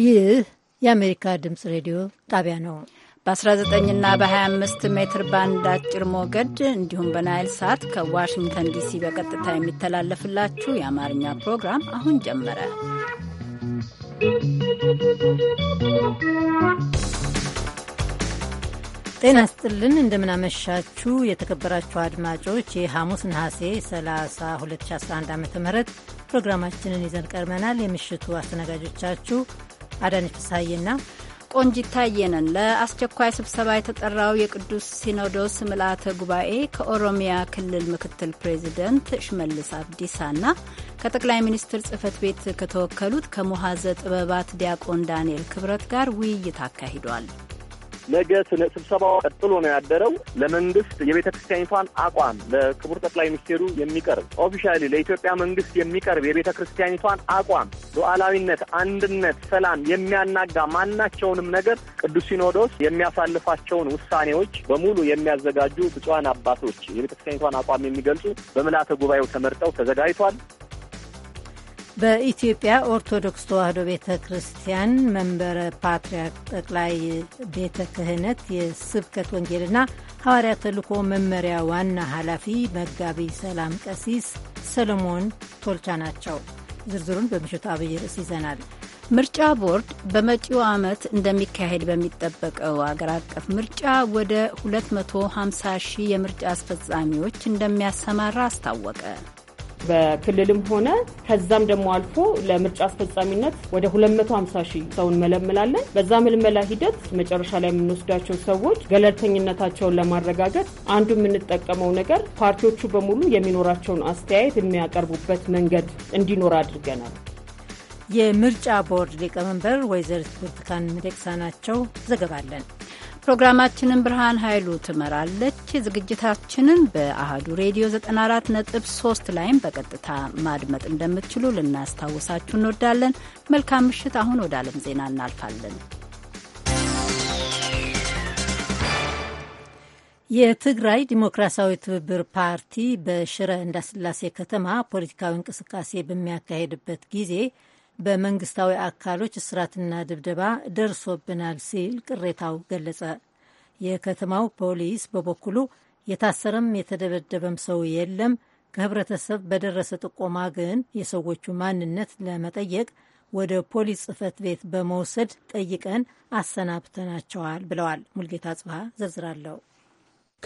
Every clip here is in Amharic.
ይህ የአሜሪካ ድምፅ ሬዲዮ ጣቢያ ነው። በ19ና በ25 ሜትር ባንድ አጭር ሞገድ እንዲሁም በናይል ሳት ከዋሽንግተን ዲሲ በቀጥታ የሚተላለፍላችሁ የአማርኛ ፕሮግራም አሁን ጀመረ። ጤና ስጥልን፣ እንደምናመሻችሁ የተከበራችሁ አድማጮች የሐሙስ ነሐሴ 30 2011 ዓ ም ፕሮግራማችንን ይዘን ቀርበናል። የምሽቱ አስተናጋጆቻችሁ አዳነች ፍስሐዬና ቆንጂት ታየ ነን። ለአስቸኳይ ስብሰባ የተጠራው የቅዱስ ሲኖዶስ ምልአተ ጉባኤ ከኦሮሚያ ክልል ምክትል ፕሬዚደንት ሽመልስ አብዲሳና ከጠቅላይ ሚኒስትር ጽህፈት ቤት ከተወከሉት ከሙሐዘ ጥበባት ዲያቆን ዳንኤል ክብረት ጋር ውይይት አካሂዷል። ነገ ስብሰባው ቀጥሎ ነው ያደረው። ለመንግስት የቤተ ክርስቲያኒቷን አቋም ለክቡር ጠቅላይ ሚኒስቴሩ የሚቀርብ ኦፊሻሊ ለኢትዮጵያ መንግስት የሚቀርብ የቤተ ክርስቲያኒቷን አቋም፣ ሉዓላዊነት፣ አንድነት፣ ሰላም የሚያናጋ ማናቸውንም ነገር ቅዱስ ሲኖዶስ የሚያሳልፋቸውን ውሳኔዎች በሙሉ የሚያዘጋጁ ብፁዓን አባቶች የቤተ ክርስቲያኒቷን አቋም የሚገልጹ በምልዓተ ጉባኤው ተመርጠው ተዘጋጅቷል። በኢትዮጵያ ኦርቶዶክስ ተዋሕዶ ቤተ ክርስቲያን መንበረ ፓትርያርክ ጠቅላይ ቤተ ክህነት የስብከት ወንጌልና ሐዋርያ ተልእኮ መመሪያ ዋና ኃላፊ መጋቢ ሰላም ቀሲስ ሰለሞን ቶልቻ ናቸው። ዝርዝሩን በምሽቱ አብይ ርዕስ ይዘናል። ምርጫ ቦርድ በመጪው ዓመት እንደሚካሄድ በሚጠበቀው አገር አቀፍ ምርጫ ወደ 250 ሺህ የምርጫ አስፈጻሚዎች እንደሚያሰማራ አስታወቀ። በክልልም ሆነ ከዛም ደግሞ አልፎ ለምርጫ አስፈጻሚነት ወደ 250 ሺህ ሰው እንመለምላለን። በዛ ምልመላ ሂደት መጨረሻ ላይ የምንወስዳቸው ሰዎች ገለልተኝነታቸውን ለማረጋገጥ አንዱ የምንጠቀመው ነገር ፓርቲዎቹ በሙሉ የሚኖራቸውን አስተያየት የሚያቀርቡበት መንገድ እንዲኖር አድርገናል። የምርጫ ቦርድ ሊቀመንበር ወይዘሪት ብርቱካን ሚደቅሳ ናቸው። ዘገባለን ፕሮግራማችንን ብርሃን ኃይሉ ትመራለች። ዝግጅታችንን በአህዱ ሬዲዮ 94.3 ላይም በቀጥታ ማድመጥ እንደምትችሉ ልናስታውሳችሁ እንወዳለን። መልካም ምሽት። አሁን ወደ ዓለም ዜና እናልፋለን። የትግራይ ዲሞክራሲያዊ ትብብር ፓርቲ በሽረ እንዳስላሴ ከተማ ፖለቲካዊ እንቅስቃሴ በሚያካሄድበት ጊዜ በመንግስታዊ አካሎች እስራትና ድብደባ ደርሶብናል ሲል ቅሬታው ገለጸ። የከተማው ፖሊስ በበኩሉ የታሰረም የተደበደበም ሰው የለም፣ ከህብረተሰብ በደረሰ ጥቆማ ግን የሰዎቹ ማንነት ለመጠየቅ ወደ ፖሊስ ጽህፈት ቤት በመውሰድ ጠይቀን አሰናብተናቸዋል ብለዋል። ሙልጌታ ጽብሃ አለው።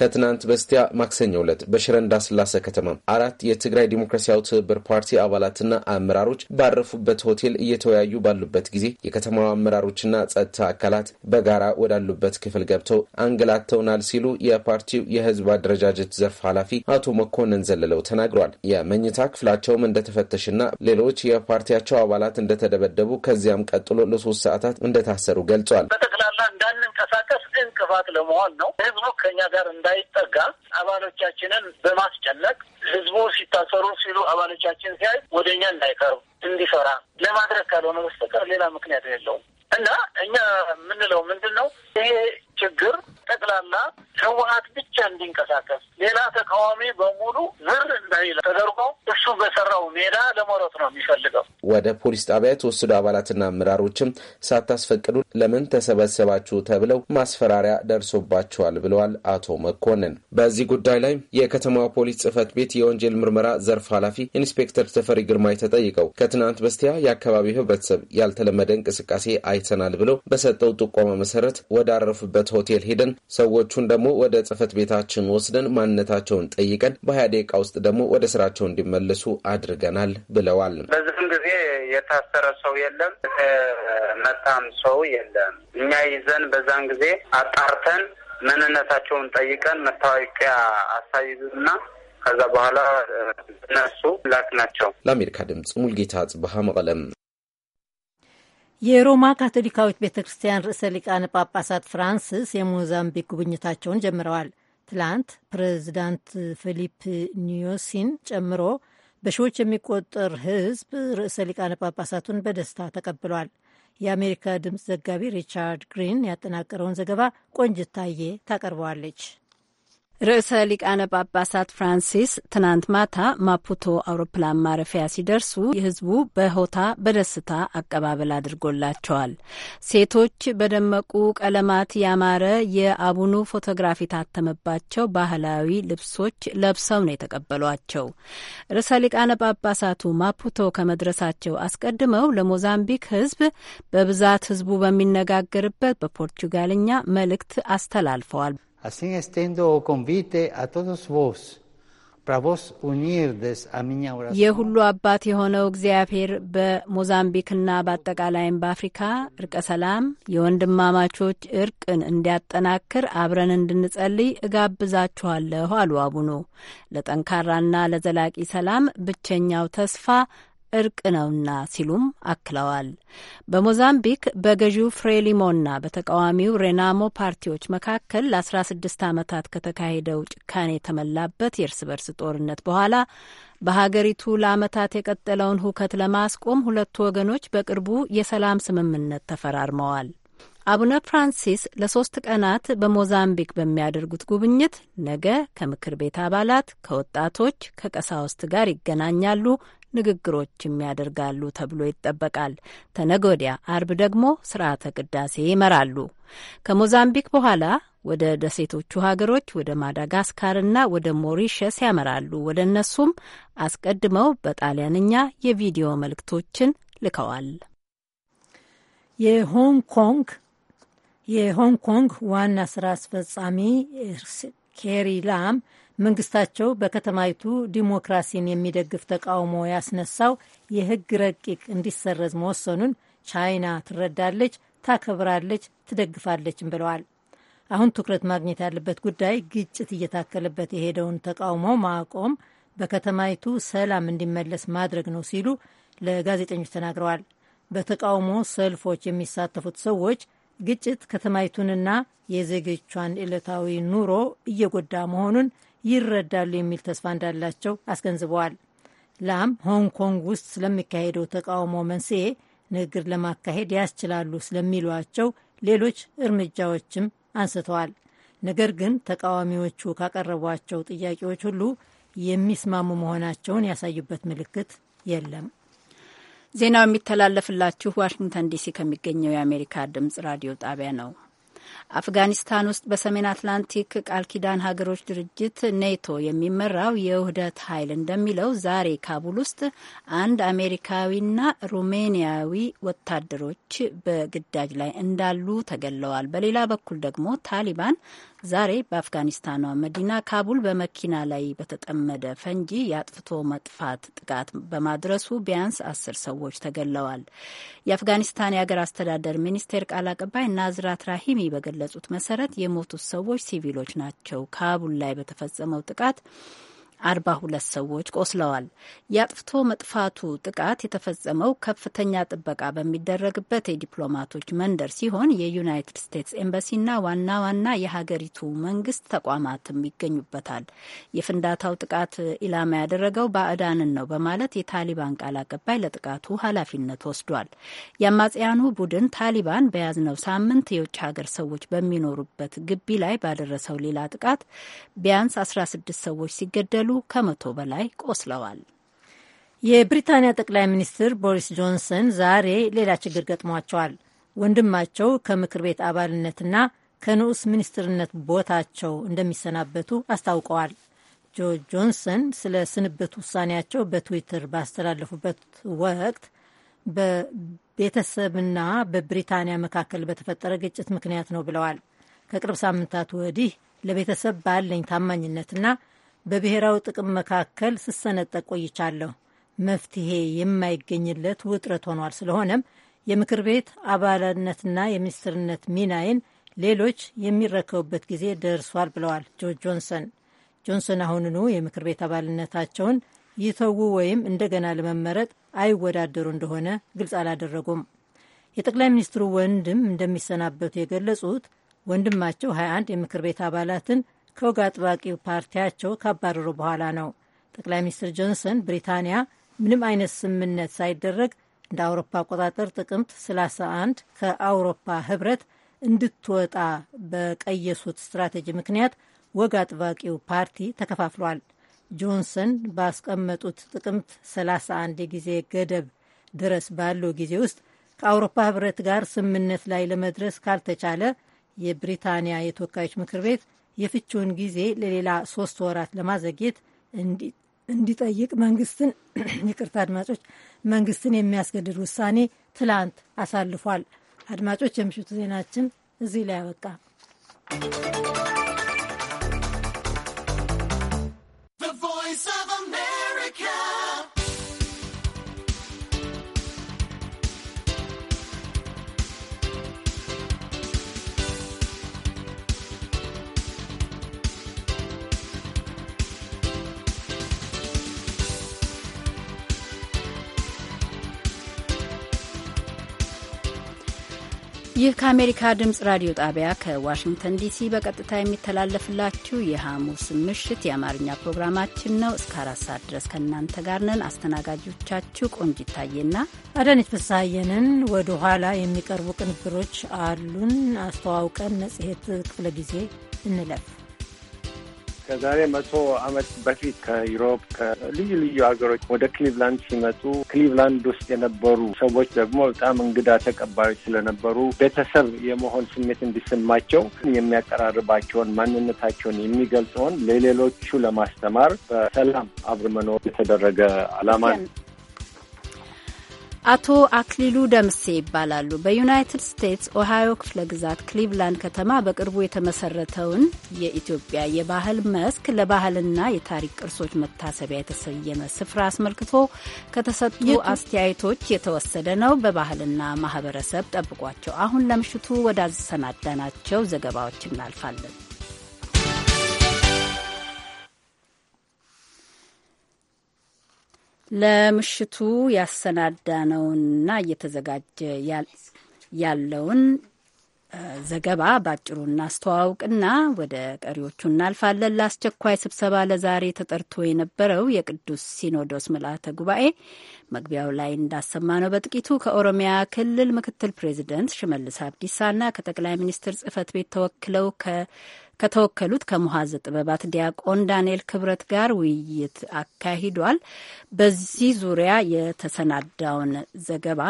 ከትናንት በስቲያ ማክሰኞ ዕለት በሽረ እንዳስላሴ ከተማ አራት የትግራይ ዲሞክራሲያዊ ትብብር ፓርቲ አባላትና አመራሮች ባረፉበት ሆቴል እየተወያዩ ባሉበት ጊዜ የከተማው አመራሮችና ጸጥታ አካላት በጋራ ወዳሉበት ክፍል ገብተው አንገላተውናል ሲሉ የፓርቲው የህዝብ አደረጃጀት ዘርፍ ኃላፊ አቶ መኮንን ዘለለው ተናግሯል። የመኝታ ክፍላቸውም እንደተፈተሽና ሌሎች የፓርቲያቸው አባላት እንደተደበደቡ ከዚያም ቀጥሎ ለሶስት ሰዓታት እንደታሰሩ ገልጸዋል። በጠቅላላ እንዳንንቀሳቀስ እንቅፋት ለመሆን ነው። ህዝቡ ከኛ ጋር እንዳይጠጋ አባሎቻችንን በማስጨነቅ ህዝቡ ሲታሰሩ ሲሉ አባሎቻችን ሲያይ ወደ እኛ እንዳይቀርቡ እንዲፈራ ለማድረግ ካልሆነ በስተቀር ሌላ ምክንያት የለውም እና እኛ የምንለው ምንድን ነው ይሄ ችግር ጠቅላላ ህወሀት ብቻ እንዲንቀሳቀስ ሌላ ተቃዋሚ በሙሉ ዝር እንዳይል ተደርጎ እሱ በሰራው ሜዳ ለመሮጥ ነው የሚፈልገው። ወደ ፖሊስ ጣቢያ የተወሰዱ አባላትና አመራሮችም ሳታስፈቅዱ ለምን ተሰበሰባችሁ ተብለው ማስፈራሪያ ደርሶባቸዋል ብለዋል አቶ መኮንን። በዚህ ጉዳይ ላይ የከተማዋ ፖሊስ ጽህፈት ቤት የወንጀል ምርመራ ዘርፍ ኃላፊ ኢንስፔክተር ተፈሪ ግርማይ ተጠይቀው ከትናንት በስቲያ የአካባቢው ህብረተሰብ ያልተለመደ እንቅስቃሴ አይተናል ብለው በሰጠው ጥቆማ መሰረት ወደ ወዳረፉበት ሆቴል ሄደን ሰዎቹን ደግሞ ወደ ጽህፈት ቤታችን ወስደን ማንነታቸውን ጠይቀን በሀያ ደቂቃ ውስጥ ደግሞ ወደ ስራቸው እንዲመለሱ አድርገናል ብለዋል። በዚህም ጊዜ የታሰረ ሰው የለም፣ መታም ሰው የለም። እኛ ይዘን በዛን ጊዜ አጣርተን ማንነታቸውን ጠይቀን መታወቂያ አሳይዙና ከዛ በኋላ እነሱ ላክ ናቸው። ለአሜሪካ ድምፅ ሙልጌታ ጽብሃ መቀለም የሮማ ካቶሊካዊት ቤተ ክርስቲያን ርዕሰ ሊቃነ ጳጳሳት ፍራንስስ የሞዛምቢክ ጉብኝታቸውን ጀምረዋል። ትላንት ፕሬዚዳንት ፊሊፕ ኒዮሲን ጨምሮ በሺዎች የሚቆጠር ሕዝብ ርዕሰ ሊቃነ ጳጳሳቱን በደስታ ተቀብሏል። የአሜሪካ ድምፅ ዘጋቢ ሪቻርድ ግሪን ያጠናቀረውን ዘገባ ቆንጅታዬ ታቀርበዋለች። ርዕሰ ሊቃነ ጳጳሳት ፍራንሲስ ትናንት ማታ ማፑቶ አውሮፕላን ማረፊያ ሲደርሱ ህዝቡ በሆታ በደስታ አቀባበል አድርጎላቸዋል። ሴቶች በደመቁ ቀለማት ያማረ የአቡኑ ፎቶግራፍ የታተመባቸው ባህላዊ ልብሶች ለብሰው ነው የተቀበሏቸው። ርዕሰ ሊቃነ ጳጳሳቱ ማፑቶ ከመድረሳቸው አስቀድመው ለሞዛምቢክ ህዝብ በብዛት ህዝቡ በሚነጋገርበት በፖርቹጋልኛ መልእክት አስተላልፈዋል። Assim estendo o oh convite a todos vós para vos a minha oração. የሁሉ አባት የሆነው እግዚአብሔር በሞዛምቢክና በአጠቃላይም በአፍሪካ እርቀ ሰላም፣ የወንድማማቾች እርቅን እንዲያጠናክር አብረን እንድንጸልይ እጋብዛችኋለሁ አሉ አቡኑ። ለጠንካራና ለዘላቂ ሰላም ብቸኛው ተስፋ እርቅ ነውና ሲሉም አክለዋል። በሞዛምቢክ በገዢው ፍሬሊሞና በተቃዋሚው ሬናሞ ፓርቲዎች መካከል ለ16 ዓመታት ከተካሄደው ጭካኔ የተሞላበት የእርስ በርስ ጦርነት በኋላ በሀገሪቱ ለዓመታት የቀጠለውን ሁከት ለማስቆም ሁለቱ ወገኖች በቅርቡ የሰላም ስምምነት ተፈራርመዋል። አቡነ ፍራንሲስ ለሶስት ቀናት በሞዛምቢክ በሚያደርጉት ጉብኝት ነገ ከምክር ቤት አባላት፣ ከወጣቶች፣ ከቀሳውስት ጋር ይገናኛሉ። ንግግሮችም ያደርጋሉ ተብሎ ይጠበቃል። ተነጎዲያ አርብ ደግሞ ስርዓተ ቅዳሴ ይመራሉ። ከሞዛምቢክ በኋላ ወደ ደሴቶቹ ሀገሮች ወደ ማዳጋስካርና ወደ ሞሪሸስ ያመራሉ። ወደ እነሱም አስቀድመው በጣሊያንኛ የቪዲዮ መልእክቶችን ልከዋል። የሆንግ ኮንግ የሆንግ ኮንግ ዋና ስራ አስፈጻሚ ኬሪ ላም መንግስታቸው በከተማይቱ ዲሞክራሲን የሚደግፍ ተቃውሞ ያስነሳው የህግ ረቂቅ እንዲሰረዝ መወሰኑን ቻይና ትረዳለች፣ ታከብራለች፣ ትደግፋለችም ብለዋል። አሁን ትኩረት ማግኘት ያለበት ጉዳይ ግጭት እየታከለበት የሄደውን ተቃውሞ ማቆም፣ በከተማይቱ ሰላም እንዲመለስ ማድረግ ነው ሲሉ ለጋዜጠኞች ተናግረዋል። በተቃውሞ ሰልፎች የሚሳተፉት ሰዎች ግጭት ከተማይቱንና የዜጎቿን ዕለታዊ ኑሮ እየጎዳ መሆኑን ይረዳሉ የሚል ተስፋ እንዳላቸው አስገንዝበዋል። ላም ሆንግ ኮንግ ውስጥ ስለሚካሄደው ተቃውሞ መንስኤ ንግግር ለማካሄድ ያስችላሉ ስለሚሏቸው ሌሎች እርምጃዎችም አንስተዋል። ነገር ግን ተቃዋሚዎቹ ካቀረቧቸው ጥያቄዎች ሁሉ የሚስማሙ መሆናቸውን ያሳዩበት ምልክት የለም። ዜናው የሚተላለፍላችሁ ዋሽንግተን ዲሲ ከሚገኘው የአሜሪካ ድምጽ ራዲዮ ጣቢያ ነው። አፍጋኒስታን ውስጥ በሰሜን አትላንቲክ ቃል ኪዳን ሀገሮች ድርጅት ኔቶ የሚመራው የውህደት ኃይል እንደሚለው ዛሬ ካቡል ውስጥ አንድ አሜሪካዊና ሩሜኒያዊ ወታደሮች በግዳጅ ላይ እንዳሉ ተገለዋል። በሌላ በኩል ደግሞ ታሊባን ዛሬ በአፍጋኒስታኗ መዲና ካቡል በመኪና ላይ በተጠመደ ፈንጂ የአጥፍቶ መጥፋት ጥቃት በማድረሱ ቢያንስ አስር ሰዎች ተገለዋል። የአፍጋኒስታን የሀገር አስተዳደር ሚኒስቴር ቃል አቀባይ ናዝራት ራሂሚ በገለጹት መሰረት የሞቱት ሰዎች ሲቪሎች ናቸው። ካቡል ላይ በተፈጸመው ጥቃት አርባ ሁለት ሰዎች ቆስለዋል። የአጥፍቶ መጥፋቱ ጥቃት የተፈጸመው ከፍተኛ ጥበቃ በሚደረግበት የዲፕሎማቶች መንደር ሲሆን የዩናይትድ ስቴትስ ኤምባሲና ዋና ዋና የሀገሪቱ መንግስት ተቋማትም ይገኙበታል። የፍንዳታው ጥቃት ኢላማ ያደረገው ባዕዳንን ነው በማለት የታሊባን ቃል አቀባይ ለጥቃቱ ኃላፊነት ወስዷል። የአማጽያኑ ቡድን ታሊባን በያዝነው ሳምንት የውጭ ሀገር ሰዎች በሚኖሩበት ግቢ ላይ ባደረሰው ሌላ ጥቃት ቢያንስ አስራ ስድስት ሰዎች ሲገደሉ ሲገደሉ ከመቶ በላይ ቆስለዋል። የብሪታንያ ጠቅላይ ሚኒስትር ቦሪስ ጆንሰን ዛሬ ሌላ ችግር ገጥሟቸዋል። ወንድማቸው ከምክር ቤት አባልነትና ከንዑስ ሚኒስትርነት ቦታቸው እንደሚሰናበቱ አስታውቀዋል። ጆ ጆንሰን ስለ ስንብት ውሳኔያቸው በትዊተር ባስተላለፉበት ወቅት በቤተሰብና በብሪታንያ መካከል በተፈጠረ ግጭት ምክንያት ነው ብለዋል። ከቅርብ ሳምንታት ወዲህ ለቤተሰብ ባለኝ ታማኝነትና በብሔራዊ ጥቅም መካከል ስሰነጠቅ ቆይቻለሁ። መፍትሄ የማይገኝለት ውጥረት ሆኗል። ስለሆነም የምክር ቤት አባልነትና የሚኒስትርነት ሚናዬን ሌሎች የሚረከቡበት ጊዜ ደርሷል ብለዋል ጆ ጆንሰን። ጆንሰን አሁንኑ የምክር ቤት አባልነታቸውን ይተዉ ወይም እንደገና ለመመረጥ አይወዳደሩ እንደሆነ ግልጽ አላደረጉም። የጠቅላይ ሚኒስትሩ ወንድም እንደሚሰናበቱ የገለጹት ወንድማቸው 21 የምክር ቤት አባላትን ከወግ አጥባቂው ፓርቲያቸው ካባረሩ በኋላ ነው። ጠቅላይ ሚኒስትር ጆንሰን ብሪታንያ ምንም አይነት ስምምነት ሳይደረግ እንደ አውሮፓ አቆጣጠር ጥቅምት 31 ከአውሮፓ ህብረት እንድትወጣ በቀየሱት ስትራቴጂ ምክንያት ወግ አጥባቂው ፓርቲ ተከፋፍሏል። ጆንሰን ባስቀመጡት ጥቅምት 31 የጊዜ ገደብ ድረስ ባለው ጊዜ ውስጥ ከአውሮፓ ህብረት ጋር ስምምነት ላይ ለመድረስ ካልተቻለ የብሪታንያ የተወካዮች ምክር ቤት የፍችውን ጊዜ ለሌላ ሶስት ወራት ለማዘግየት እንዲጠይቅ መንግስትን ይቅርታ አድማጮች መንግስትን የሚያስገድድ ውሳኔ ትላንት አሳልፏል። አድማጮች የምሽቱ ዜናችን እዚህ ላይ you. ይህ ከአሜሪካ ድምፅ ራዲዮ ጣቢያ ከዋሽንግተን ዲሲ በቀጥታ የሚተላለፍላችሁ የሐሙስ ምሽት የአማርኛ ፕሮግራማችን ነው። እስከ አራት ሰዓት ድረስ ከእናንተ ጋር ነን። አስተናጋጆቻችሁ ቆንጅ ይታየና አዳነች ፍስሐየንን። ወደ ኋላ የሚቀርቡ ቅንብሮች አሉን። አስተዋውቀን መጽሔት ክፍለ ጊዜ እንለፍ። ከዛሬ መቶ ዓመት በፊት ከዩሮፕ ከልዩ ልዩ ሀገሮች ወደ ክሊቭላንድ ሲመጡ ክሊቭላንድ ውስጥ የነበሩ ሰዎች ደግሞ በጣም እንግዳ ተቀባዮች ስለነበሩ ቤተሰብ የመሆን ስሜት እንዲሰማቸው የሚያቀራርባቸውን ማንነታቸውን የሚገልጸውን ለሌሎቹ ለማስተማር በሰላም አብር መኖር የተደረገ ዓላማ ነው። አቶ አክሊሉ ደምሴ ይባላሉ። በዩናይትድ ስቴትስ ኦሃዮ ክፍለ ግዛት ክሊቭላንድ ከተማ በቅርቡ የተመሰረተውን የኢትዮጵያ የባህል መስክ ለባህልና የታሪክ ቅርሶች መታሰቢያ የተሰየመ ስፍራ አስመልክቶ ከተሰጡ አስተያየቶች የተወሰደ ነው። በባህልና ማህበረሰብ ጠብቋቸው። አሁን ለምሽቱ ወዳዝሰናዳናቸው ዘገባዎች እናልፋለን። ለምሽቱ ያሰናዳነውንና እየተዘጋጀ ያለውን ዘገባ ባጭሩ እናስተዋውቅና ወደ ቀሪዎቹ እናልፋለን። ለአስቸኳይ ስብሰባ ለዛሬ ተጠርቶ የነበረው የቅዱስ ሲኖዶስ ምልአተ ጉባኤ መግቢያው ላይ እንዳሰማ ነው በጥቂቱ ከኦሮሚያ ክልል ምክትል ፕሬዚደንት ሽመልስ አብዲሳና ከጠቅላይ ሚኒስትር ጽህፈት ቤት ተወክለው ከ ከተወከሉት ከሙሐዘ ጥበባት ዲያቆን ዳንኤል ክብረት ጋር ውይይት አካሂዷል። በዚህ ዙሪያ የተሰናዳውን ዘገባ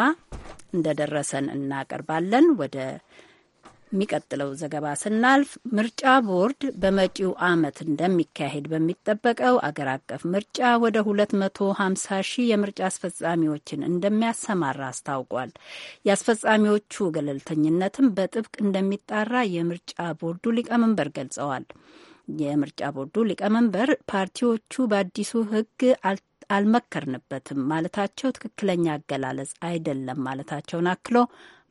እንደደረሰን እናቀርባለን። ወደ የሚቀጥለው ዘገባ ስናልፍ ምርጫ ቦርድ በመጪው ዓመት እንደሚካሄድ በሚጠበቀው አገር አቀፍ ምርጫ ወደ 250 ሺህ የምርጫ አስፈጻሚዎችን እንደሚያሰማራ አስታውቋል። የአስፈጻሚዎቹ ገለልተኝነትም በጥብቅ እንደሚጣራ የምርጫ ቦርዱ ሊቀመንበር ገልጸዋል። የምርጫ ቦርዱ ሊቀመንበር ፓርቲዎቹ በአዲሱ ሕግ አልመከርንበትም ማለታቸው ትክክለኛ አገላለጽ አይደለም ማለታቸውን አክሎ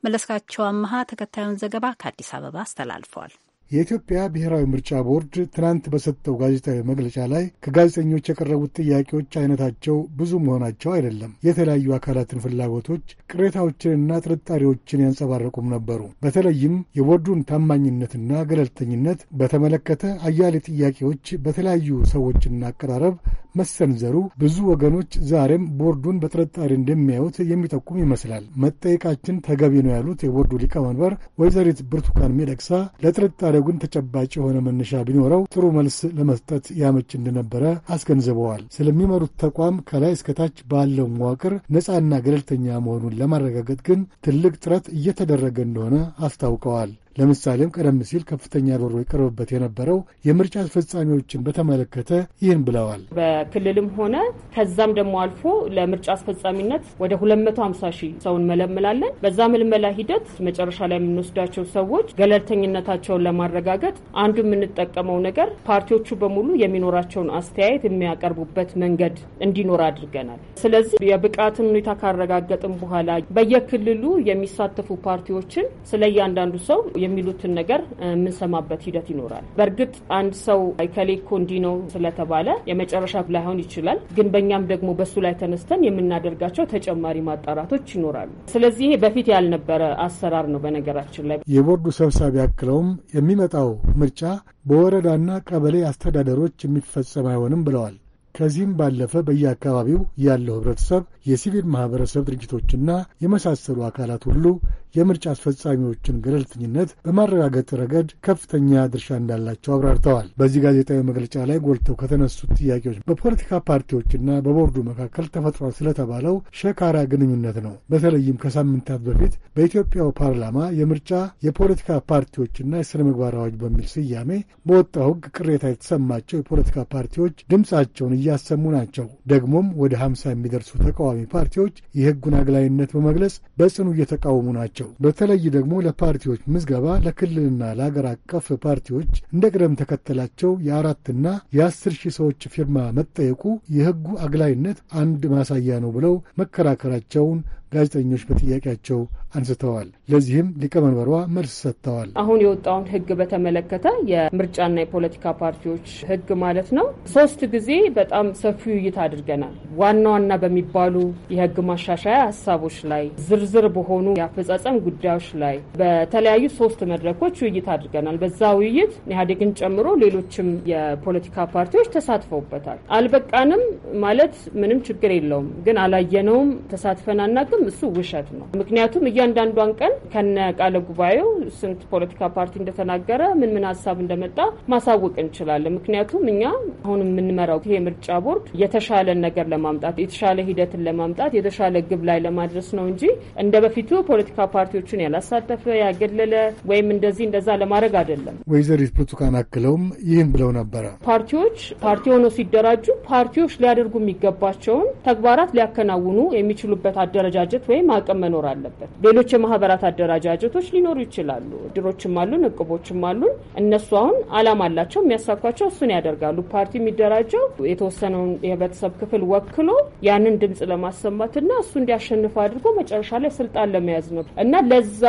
መለስካቸው አመሃ ተከታዩን ዘገባ ከአዲስ አበባ አስተላልፈዋል። የኢትዮጵያ ብሔራዊ ምርጫ ቦርድ ትናንት በሰጠው ጋዜጣዊ መግለጫ ላይ ከጋዜጠኞች የቀረቡት ጥያቄዎች አይነታቸው ብዙ መሆናቸው አይደለም። የተለያዩ አካላትን ፍላጎቶች፣ ቅሬታዎችንና ጥርጣሬዎችን ያንጸባረቁም ነበሩ። በተለይም የቦርዱን ታማኝነትና ገለልተኝነት በተመለከተ አያሌ ጥያቄዎች በተለያዩ ሰዎችና አቀራረብ መሰንዘሩ ብዙ ወገኖች ዛሬም ቦርዱን በጥርጣሬ እንደሚያዩት የሚጠቁም ይመስላል። መጠየቃችን ተገቢ ነው ያሉት የቦርዱ ሊቀመንበር ወይዘሪት ብርቱካን ሚደቅሳ ለጥርጣሬው ግን ተጨባጭ የሆነ መነሻ ቢኖረው ጥሩ መልስ ለመስጠት ያመች እንደነበረ አስገንዝበዋል። ስለሚመሩት ተቋም ከላይ እስከታች ባለው መዋቅር ነፃና ገለልተኛ መሆኑን ለማረጋገጥ ግን ትልቅ ጥረት እየተደረገ እንደሆነ አስታውቀዋል። ለምሳሌም ቀደም ሲል ከፍተኛ ሮሮ የቀረበበት የነበረው የምርጫ አስፈጻሚዎችን በተመለከተ ይህን ብለዋል። በክልልም ሆነ ከዛም ደግሞ አልፎ ለምርጫ አስፈጻሚነት ወደ 250 ሺህ ሰው መለምላለን። በዛ ምልመላ ሂደት መጨረሻ ላይ የምንወስዳቸው ሰዎች ገለልተኝነታቸውን ለማረጋገጥ አንዱ የምንጠቀመው ነገር ፓርቲዎቹ በሙሉ የሚኖራቸውን አስተያየት የሚያቀርቡበት መንገድ እንዲኖር አድርገናል። ስለዚህ የብቃትን ሁኔታ ካረጋገጥም በኋላ በየክልሉ የሚሳተፉ ፓርቲዎችን ስለ እያንዳንዱ ሰው የሚሉትን ነገር የምንሰማበት ሂደት ይኖራል። በእርግጥ አንድ ሰው ከሌ እኮ እንዲህ ነው ስለተባለ የመጨረሻ ላይሆን ይችላል። ግን በእኛም ደግሞ በሱ ላይ ተነስተን የምናደርጋቸው ተጨማሪ ማጣራቶች ይኖራሉ። ስለዚህ ይሄ በፊት ያልነበረ አሰራር ነው። በነገራችን ላይ የቦርዱ ሰብሳቢ አክለውም የሚመጣው ምርጫ በወረዳና ቀበሌ አስተዳደሮች የሚፈጸም አይሆንም ብለዋል። ከዚህም ባለፈ በየአካባቢው ያለው ህብረተሰብ፣ የሲቪል ማህበረሰብ ድርጅቶችና የመሳሰሉ አካላት ሁሉ የምርጫ አስፈጻሚዎችን ገለልተኝነት በማረጋገጥ ረገድ ከፍተኛ ድርሻ እንዳላቸው አብራርተዋል። በዚህ ጋዜጣዊ መግለጫ ላይ ጎልተው ከተነሱት ጥያቄዎች በፖለቲካ ፓርቲዎችና በቦርዱ መካከል ተፈጥሯል ስለተባለው ሸካራ ግንኙነት ነው። በተለይም ከሳምንታት በፊት በኢትዮጵያው ፓርላማ የምርጫ የፖለቲካ ፓርቲዎችና የሥነ ምግባር አዋጅ በሚል ስያሜ በወጣው ሕግ ቅሬታ የተሰማቸው የፖለቲካ ፓርቲዎች ድምፃቸውን እያሰሙ ናቸው። ደግሞም ወደ ሀምሳ የሚደርሱ ተቃዋሚ ፓርቲዎች የሕጉን አግላይነት በመግለጽ በጽኑ እየተቃወሙ ናቸው። ናቸው። በተለይ ደግሞ ለፓርቲዎች ምዝገባ ለክልልና ለአገር አቀፍ ፓርቲዎች እንደ ቅደም ተከተላቸው የአራትና የአስር ሺህ ሰዎች ፊርማ መጠየቁ የሕጉ አግላይነት አንድ ማሳያ ነው ብለው መከራከራቸውን ጋዜጠኞች በጥያቄያቸው አንስተዋል። ለዚህም ሊቀመንበሯ መልስ ሰጥተዋል። አሁን የወጣውን ህግ በተመለከተ የምርጫና የፖለቲካ ፓርቲዎች ህግ ማለት ነው። ሶስት ጊዜ በጣም ሰፊ ውይይት አድርገናል። ዋና ዋና በሚባሉ የህግ ማሻሻያ ሀሳቦች ላይ፣ ዝርዝር በሆኑ የአፈጻጸም ጉዳዮች ላይ በተለያዩ ሶስት መድረኮች ውይይት አድርገናል። በዛ ውይይት ኢህአዴግን ጨምሮ ሌሎችም የፖለቲካ ፓርቲዎች ተሳትፈውበታል። አልበቃንም ማለት ምንም ችግር የለውም፣ ግን አላየነውም፣ ተሳትፈን አናውቅም ምክንያቱም እሱ ውሸት ነው። ምክንያቱም እያንዳንዷን ቀን ከነ ቃለ ጉባኤው ስንት ፖለቲካ ፓርቲ እንደተናገረ ምን ምን ሀሳብ እንደመጣ ማሳወቅ እንችላለን። ምክንያቱም እኛ አሁን የምንመራው ይሄ ምርጫ ቦርድ የተሻለን ነገር ለማምጣት የተሻለ ሂደትን ለማምጣት የተሻለ ግብ ላይ ለማድረስ ነው እንጂ እንደ በፊቱ ፖለቲካ ፓርቲዎችን ያላሳተፈ ያገለለ ወይም እንደዚህ እንደዛ ለማድረግ አይደለም። ወይዘሪት ብርቱካን አክለውም ይህን ብለው ነበረ። ፓርቲዎች ፓርቲ ሆነው ሲደራጁ ፓርቲዎች ሊያደርጉ የሚገባቸውን ተግባራት ሊያከናውኑ የሚችሉበት አደረጃ አደረጃጀት ወይም አቅም መኖር አለበት። ሌሎች የማህበራት አደረጃጀቶች ሊኖሩ ይችላሉ። እድሮችም አሉን፣ እቅቦችም አሉን። እነሱ አሁን አላማ አላቸው፣ የሚያሳኳቸው እሱን ያደርጋሉ። ፓርቲ የሚደራጀው የተወሰነውን የህብረተሰብ ክፍል ወክሎ ያንን ድምጽ ለማሰማትና እሱ እንዲያሸንፈ አድርጎ መጨረሻ ላይ ስልጣን ለመያዝ ነው እና ለዛ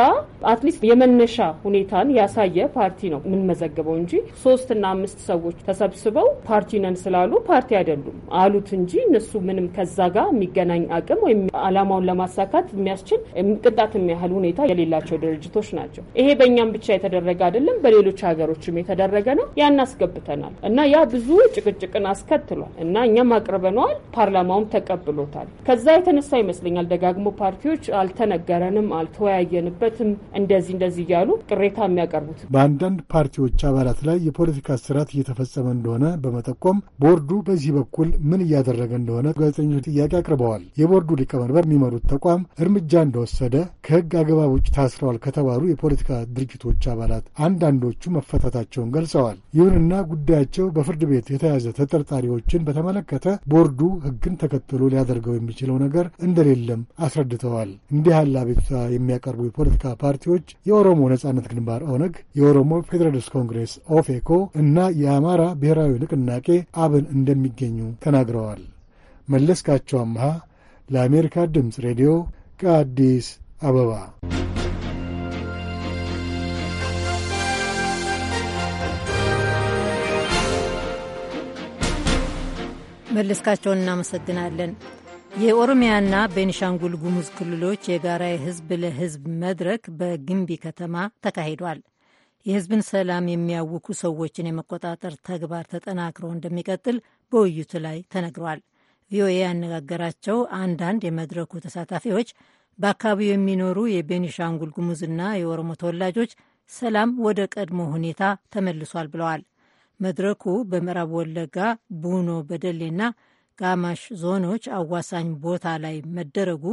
አትሊስት የመነሻ ሁኔታን ያሳየ ፓርቲ ነው የምንመዘግበው እንጂ ሶስትና አምስት ሰዎች ተሰብስበው ፓርቲ ነን ስላሉ ፓርቲ አይደሉም አሉት እንጂ እነሱ ምንም ከዛ ጋር የሚገናኝ አቅም ወይም አላማውን ለማ ለማሳካት የሚያስችል ቅንጣት የሚያህል ሁኔታ የሌላቸው ድርጅቶች ናቸው። ይሄ በእኛም ብቻ የተደረገ አይደለም፣ በሌሎች ሀገሮችም የተደረገ ነው። ያን አስገብተናል እና ያ ብዙ ጭቅጭቅን አስከትሏል እና እኛም አቅርበነዋል። ፓርላማውም ተቀብሎታል። ከዛ የተነሳ ይመስለኛል ደጋግሞ ፓርቲዎች አልተነገረንም፣ አልተወያየንበትም፣ እንደዚህ እንደዚህ እያሉ ቅሬታ የሚያቀርቡት በአንዳንድ ፓርቲዎች አባላት ላይ የፖለቲካ ስርዓት እየተፈጸመ እንደሆነ በመጠቆም ቦርዱ በዚህ በኩል ምን እያደረገ እንደሆነ ጋዜጠኞች ጥያቄ አቅርበዋል። የቦርዱ ሊቀመንበር የሚመሩት ተቋም እርምጃ እንደወሰደ ከሕግ አግባብ ውጭ ታስረዋል ከተባሉ የፖለቲካ ድርጅቶች አባላት አንዳንዶቹ መፈታታቸውን ገልጸዋል። ይሁንና ጉዳያቸው በፍርድ ቤት የተያዘ ተጠርጣሪዎችን በተመለከተ ቦርዱ ሕግን ተከትሎ ሊያደርገው የሚችለው ነገር እንደሌለም አስረድተዋል። እንዲህ ያለ አቤቱታ የሚያቀርቡ የፖለቲካ ፓርቲዎች የኦሮሞ ነጻነት ግንባር ኦነግ፣ የኦሮሞ ፌዴራሊስት ኮንግሬስ ኦፌኮ እና የአማራ ብሔራዊ ንቅናቄ አብን እንደሚገኙ ተናግረዋል። መለስካቸው አምሃ ለአሜሪካ ድምፅ ሬዲዮ ከአዲስ አበባ መለስካቸውን እናመሰግናለን። የኦሮሚያና ቤኒሻንጉል ጉሙዝ ክልሎች የጋራ የህዝብ ለህዝብ መድረክ በግንቢ ከተማ ተካሂዷል። የህዝብን ሰላም የሚያውኩ ሰዎችን የመቆጣጠር ተግባር ተጠናክሮ እንደሚቀጥል በውይይቱ ላይ ተነግሯል። ቪኦኤ ያነጋገራቸው አንዳንድ የመድረኩ ተሳታፊዎች በአካባቢው የሚኖሩ የቤኒሻንጉል ጉሙዝና የኦሮሞ ተወላጆች ሰላም ወደ ቀድሞ ሁኔታ ተመልሷል ብለዋል። መድረኩ በምዕራብ ወለጋ ቡኖ በደሌና ጋማሽ ዞኖች አዋሳኝ ቦታ ላይ መደረጉ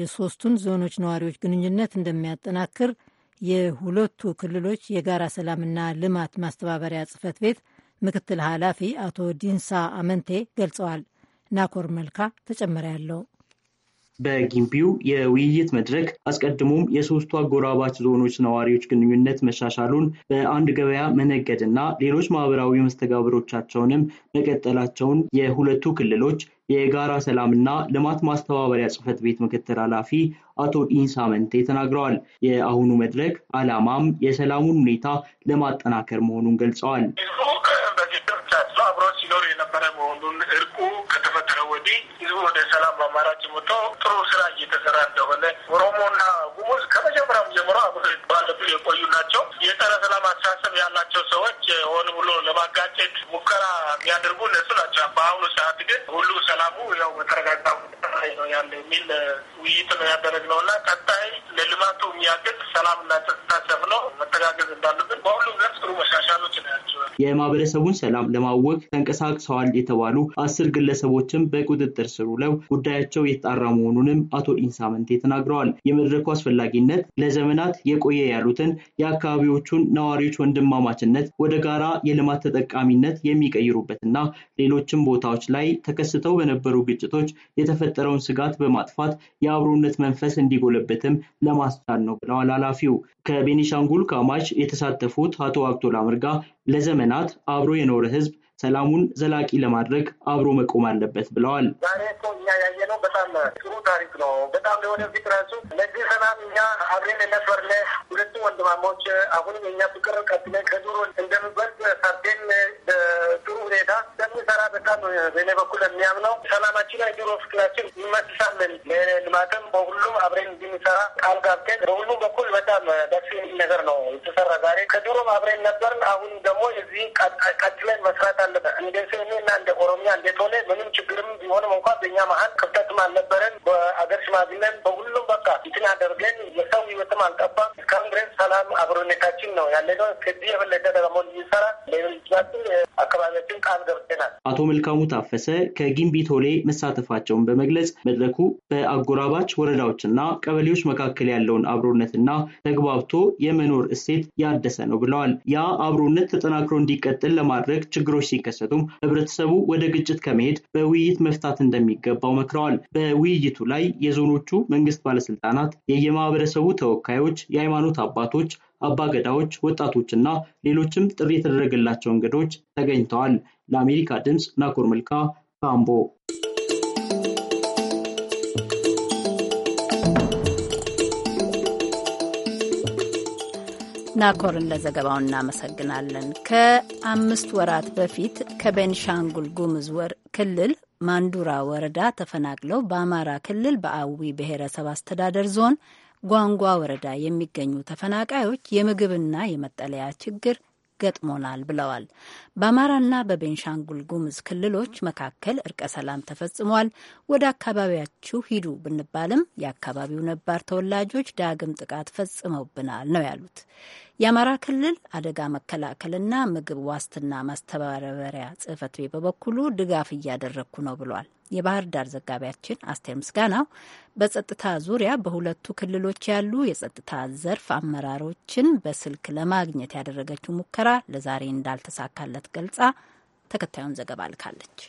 የሶስቱን ዞኖች ነዋሪዎች ግንኙነት እንደሚያጠናክር የሁለቱ ክልሎች የጋራ ሰላምና ልማት ማስተባበሪያ ጽህፈት ቤት ምክትል ኃላፊ አቶ ዲንሳ አመንቴ ገልጸዋል። ናኮር መልካ ተጨመረ ያለው በጊምፒው የውይይት መድረክ አስቀድሞም የሶስቱ አጎራባች ዞኖች ነዋሪዎች ግንኙነት መሻሻሉን በአንድ ገበያ መነገድ እና ሌሎች ማህበራዊ መስተጋብሮቻቸውንም መቀጠላቸውን የሁለቱ ክልሎች የጋራ ሰላምና ልማት ማስተባበሪያ ጽህፈት ቤት ምክትል ኃላፊ አቶ ኢንሳመንቴ ተናግረዋል። የአሁኑ መድረክ ዓላማም የሰላሙን ሁኔታ ለማጠናከር መሆኑን ገልጸዋል። አማራጭ ወጥቶ ጥሩ ስራ እየተሰራ እንደሆነ ኦሮሞና ጉሙዝ ከመጀመሪያም ጀምሮ አብሮ የቆዩ ናቸው። የጸረ ሰላም አስተሳሰብ ያላቸው ሰዎች ሆን ብሎ ለማጋጨት ሙከራ የሚያደርጉ እነሱ ናቸው። በአሁኑ ሰዓት ግን ሁሉ ሰላሙ ያው በተረጋጋ ነው ያለ የሚል ውይይት ነው ያደረግነው እና ቀጣይ ለልማቱ የሚያግዝ ሰላምና ጸጥታ ሰፍኖ መተጋገዝ እንዳለብን በሁሉም ዘርፍ ጥሩ መሻሻሎች ያቸው የማህበረሰቡን ሰላም ለማወቅ ተንቀሳቅሰዋል የተባሉ አስር ግለሰቦችም በቁጥጥር ስር ውለው ጉዳያ ጉዳያቸው የተጣራ መሆኑንም አቶ ኢንሳ መንቴ ተናግረዋል። የመድረኩ አስፈላጊነት ለዘመናት የቆየ ያሉትን የአካባቢዎቹን ነዋሪዎች ወንድማማችነት ወደ ጋራ የልማት ተጠቃሚነት የሚቀይሩበትና ሌሎችም ቦታዎች ላይ ተከስተው በነበሩ ግጭቶች የተፈጠረውን ስጋት በማጥፋት የአብሮነት መንፈስ እንዲጎለበትም ለማስቻል ነው ብለዋል ኃላፊው። ከቤኒሻንጉል ካማሽ የተሳተፉት አቶ አክቶላ ምርጋ ለዘመናት አብሮ የኖረ ህዝብ ሰላሙን ዘላቂ ለማድረግ አብሮ መቆም አለበት ብለዋል። ዛሬ እኮ እኛ ያየነው በጣም ጥሩ ታሪክ ነው። በጣም ለወደፊት ራሱ ለዚህ ሰላም እኛ አብሬን ነበርነ ሁለቱ ወንድማሞች አሁንም የኛ ፍቅር ቀጥለን ከዱሮ እንደምበልጥ ሰርቴን ጥሩ ሁኔታ በጣም በእኔ በኩል የሚያምነው ሰላማችን አይድሮ ፍክራችን ይመልሳለን። ልማትም በሁሉም አብረን እንድንሰራ ቃል ጋብተን በሁሉም በኩል በጣም ደስ የሚል ነገር ነው የተሰራ ዛሬ። ከድሮም አብረን ነበርን። አሁን ደግሞ እዚህ ቀጥለን መስራት አለበ እንደ ሴኔ እና እንደ ኦሮሚያ እንዴት ሆነ ምንም ችግርም ቢሆንም እንኳ በእኛ መሀል ክፍተትም አልነበረን። በአገር ሽማግሌን በሁሉም በቃ እንትን አደርገን የሰው ህይወትም አልጠፋም። እስካሁን ድረስ ሰላም አብሮነታችን ነው ያለ ነው። ከዚህ የበለጠ ደግሞ እንዲሰራ ለሌሎቻችን አካባቢያችን ቃል ገብ ይገኛል። አቶ መልካሙ ታፈሰ ከጊምቢ ቶሌ መሳተፋቸውን በመግለጽ መድረኩ በአጎራባች ወረዳዎችና ቀበሌዎች መካከል ያለውን አብሮነትና ተግባብቶ የመኖር እሴት ያደሰ ነው ብለዋል። ያ አብሮነት ተጠናክሮ እንዲቀጥል ለማድረግ ችግሮች ሲከሰቱም ህብረተሰቡ ወደ ግጭት ከመሄድ በውይይት መፍታት እንደሚገባው መክረዋል። በውይይቱ ላይ የዞኖቹ መንግስት ባለስልጣናት፣ የየማህበረሰቡ ተወካዮች፣ የሃይማኖት አባቶች አባገዳዎች፣ ወጣቶችና ሌሎችም ጥሪ የተደረገላቸው እንግዶች ተገኝተዋል። ለአሜሪካ ድምፅ ናኮር መልካ ከአምቦ ናኮርን ለዘገባው እናመሰግናለን። ከአምስት ወራት በፊት ከቤንሻንጉል ወር ክልል ማንዱራ ወረዳ ተፈናቅለው በአማራ ክልል በአዊ ብሔረሰብ አስተዳደር ዞን ጓንጓ ወረዳ የሚገኙ ተፈናቃዮች የምግብና የመጠለያ ችግር ገጥሞናል ብለዋል። በአማራና በቤንሻንጉል ጉምዝ ክልሎች መካከል እርቀ ሰላም ተፈጽሟል። ወደ አካባቢያችሁ ሂዱ ብንባልም የአካባቢው ነባር ተወላጆች ዳግም ጥቃት ፈጽመውብናል ነው ያሉት። የአማራ ክልል አደጋ መከላከልና ምግብ ዋስትና ማስተባበሪያ ጽህፈት ቤት በበኩሉ ድጋፍ እያደረግኩ ነው ብሏል። የባህር ዳር ዘጋቢያችን አስቴር ምስጋናው በጸጥታ ዙሪያ በሁለቱ ክልሎች ያሉ የጸጥታ ዘርፍ አመራሮችን በስልክ ለማግኘት ያደረገችው ሙከራ ለዛሬ እንዳልተሳካለት ገልጻ ተከታዩን ዘገባ ልካለች።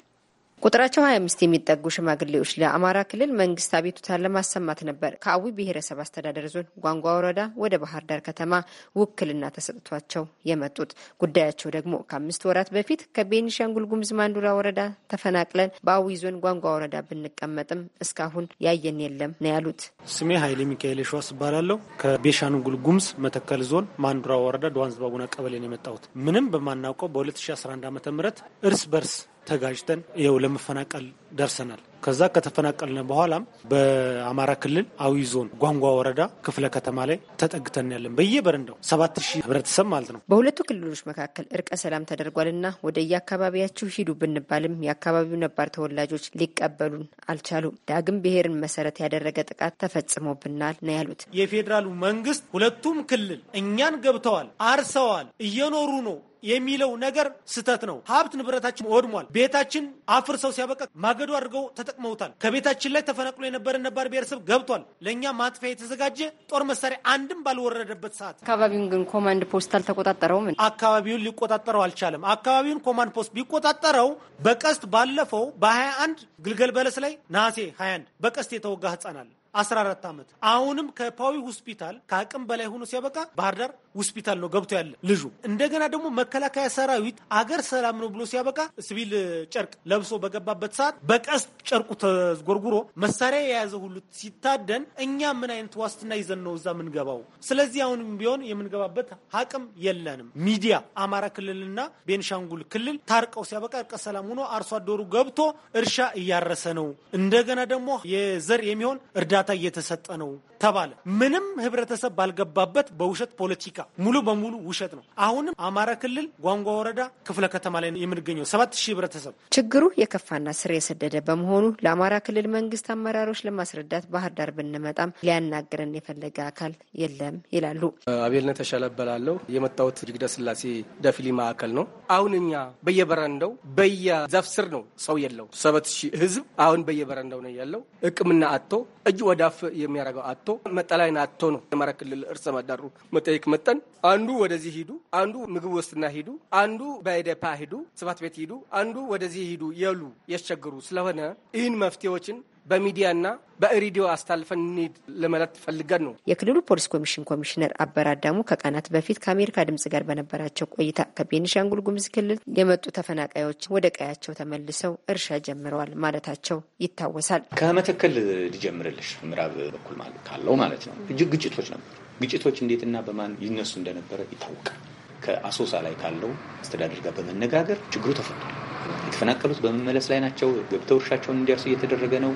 ቁጥራቸው 25 የሚጠጉ ሽማግሌዎች ለአማራ ክልል መንግስት አቤቱታን ለማሰማት ነበር ከአዊ ብሔረሰብ አስተዳደር ዞን ጓንጓ ወረዳ ወደ ባህር ዳር ከተማ ውክልና ተሰጥቷቸው የመጡት። ጉዳያቸው ደግሞ ከአምስት ወራት በፊት ከቤኒሻንጉል ጉሙዝ ማንዱራ ወረዳ ተፈናቅለን በአዊ ዞን ጓንጓ ወረዳ ብንቀመጥም እስካሁን ያየን የለም ነው ያሉት። ስሜ ሀይሌ ሚካኤል ሸዋስ እባላለሁ። ከቤኒሻንጉል ጉሙዝ መተከል ዞን ማንዱራ ወረዳ ድዋንዝባቡና ቀበሌ ነው የመጣሁት። ምንም በማናውቀው በ2011 ዓ ም እርስ በርስ ተጋጭተን ይኸው ለመፈናቀል ደርሰናል። ከዛ ከተፈናቀልን በኋላም በአማራ ክልል አዊ ዞን ጓንጓ ወረዳ ክፍለ ከተማ ላይ ተጠግተን ያለን በየበረንዳው ሰባት ሺህ ህብረተሰብ ማለት ነው። በሁለቱ ክልሎች መካከል እርቀ ሰላም ተደርጓልና ወደ የአካባቢያችሁ ሂዱ ብንባልም የአካባቢው ነባር ተወላጆች ሊቀበሉን አልቻሉም። ዳግም ብሔርን መሰረት ያደረገ ጥቃት ተፈጽሞብናል ነው ያሉት። የፌዴራሉ መንግስት ሁለቱም ክልል እኛን ገብተዋል፣ አርሰዋል፣ እየኖሩ ነው የሚለው ነገር ስህተት ነው። ሀብት ንብረታችን ወድሟል። ቤታችን አፍርሰው ሲያበቃ ማገዶ አድርገው ተጠቅመውታል። ከቤታችን ላይ ተፈናቅሎ የነበረ ነባር ብሔረሰብ ገብቷል። ለእኛ ማጥፊያ የተዘጋጀ ጦር መሳሪያ አንድም ባልወረደበት ሰዓት አካባቢውን ግን ኮማንድ ፖስት አልተቆጣጠረውም። አካባቢውን ሊቆጣጠረው አልቻለም። አካባቢውን ኮማንድ ፖስት ቢቆጣጠረው በቀስት ባለፈው በ21 ግልገል በለስ ላይ ነሐሴ 21 በቀስት የተወጋ ህጻናል 14 ዓመት አሁንም ከፓዊ ሆስፒታል ከአቅም በላይ ሆኖ ሲያበቃ ባህር ዳር ሆስፒታል ነው ገብቶ ያለ ልጁ። እንደገና ደግሞ መከላከያ ሰራዊት አገር ሰላም ነው ብሎ ሲያበቃ ሲቪል ጨርቅ ለብሶ በገባበት ሰዓት በቀስት ጨርቁ ተጎርጉሮ መሳሪያ የያዘ ሁሉ ሲታደን እኛ ምን አይነት ዋስትና ይዘን ነው እዛ የምንገባው? ስለዚህ አሁንም ቢሆን የምንገባበት አቅም የለንም። ሚዲያ አማራ ክልልና ቤንሻንጉል ክልል ታርቀው ሲያበቃ እርቀ ሰላም ሆኖ አርሶ አደሩ ገብቶ እርሻ እያረሰ ነው። እንደገና ደግሞ የዘር የሚሆን እርዳ እርዳታ እየተሰጠ ነው ተባለ። ምንም ህብረተሰብ ባልገባበት በውሸት ፖለቲካ ሙሉ በሙሉ ውሸት ነው። አሁንም አማራ ክልል ጓንጓ ወረዳ ክፍለ ከተማ ላይ የምንገኘው ሰባት ሺህ ህብረተሰብ ችግሩ የከፋና ስር የሰደደ በመሆኑ ለአማራ ክልል መንግስት አመራሮች ለማስረዳት ባህር ዳር ብንመጣም ሊያናግረን የፈለገ አካል የለም ይላሉ። አቤልነ ተሻለ እባላለሁ። የመጣሁት ስላሴ ደፊሊ ማዕከል ነው። አሁን እኛ በየበረንዳው በየዛፍ ስር ነው ሰው የለው ሰባት ሺህ ህዝብ አሁን በየበረንዳው ነው ያለው። ህክምና አጥቶ እጅ ወዳፍ የሚያደርገው አቶ መጠላይን አቶ ነው። የአማራ ክልል እርሰ መዳሩ መጠየቅ መጠን አንዱ ወደዚህ ሂዱ፣ አንዱ ምግብ ወስትና ሂዱ፣ አንዱ በኢዴፓ ሂዱ፣ ስፋት ቤት ሂዱ፣ አንዱ ወደዚህ ሂዱ የሉ ያስቸግሩ ስለሆነ ይህን መፍትሄዎችን በሚዲያና በሬዲዮ አስታልፈን እንሂድ ለማለት ፈልገን ነው። የክልሉ ፖሊስ ኮሚሽን ኮሚሽነር አበራዳሙ አዳሙ ከቀናት በፊት ከአሜሪካ ድምጽ ጋር በነበራቸው ቆይታ ከቤኒሻንጉል ጉምዝ ክልል የመጡ ተፈናቃዮች ወደ ቀያቸው ተመልሰው እርሻ ጀምረዋል ማለታቸው ይታወሳል። ከመተከል ልጀምርልሽ ምዕራብ በኩል ካለው ማለት ነው እጅግ ግጭቶች ነበሩ። ግጭቶች እንዴትና በማን ይነሱ እንደነበረ ይታወቃል። ከአሶሳ ላይ ካለው አስተዳደር ጋር በመነጋገር ችግሩ ተፈቷል። የተፈናቀሉት በመመለስ ላይ ናቸው። ገብተው እርሻቸውን እንዲያርሱ እየተደረገ ነው።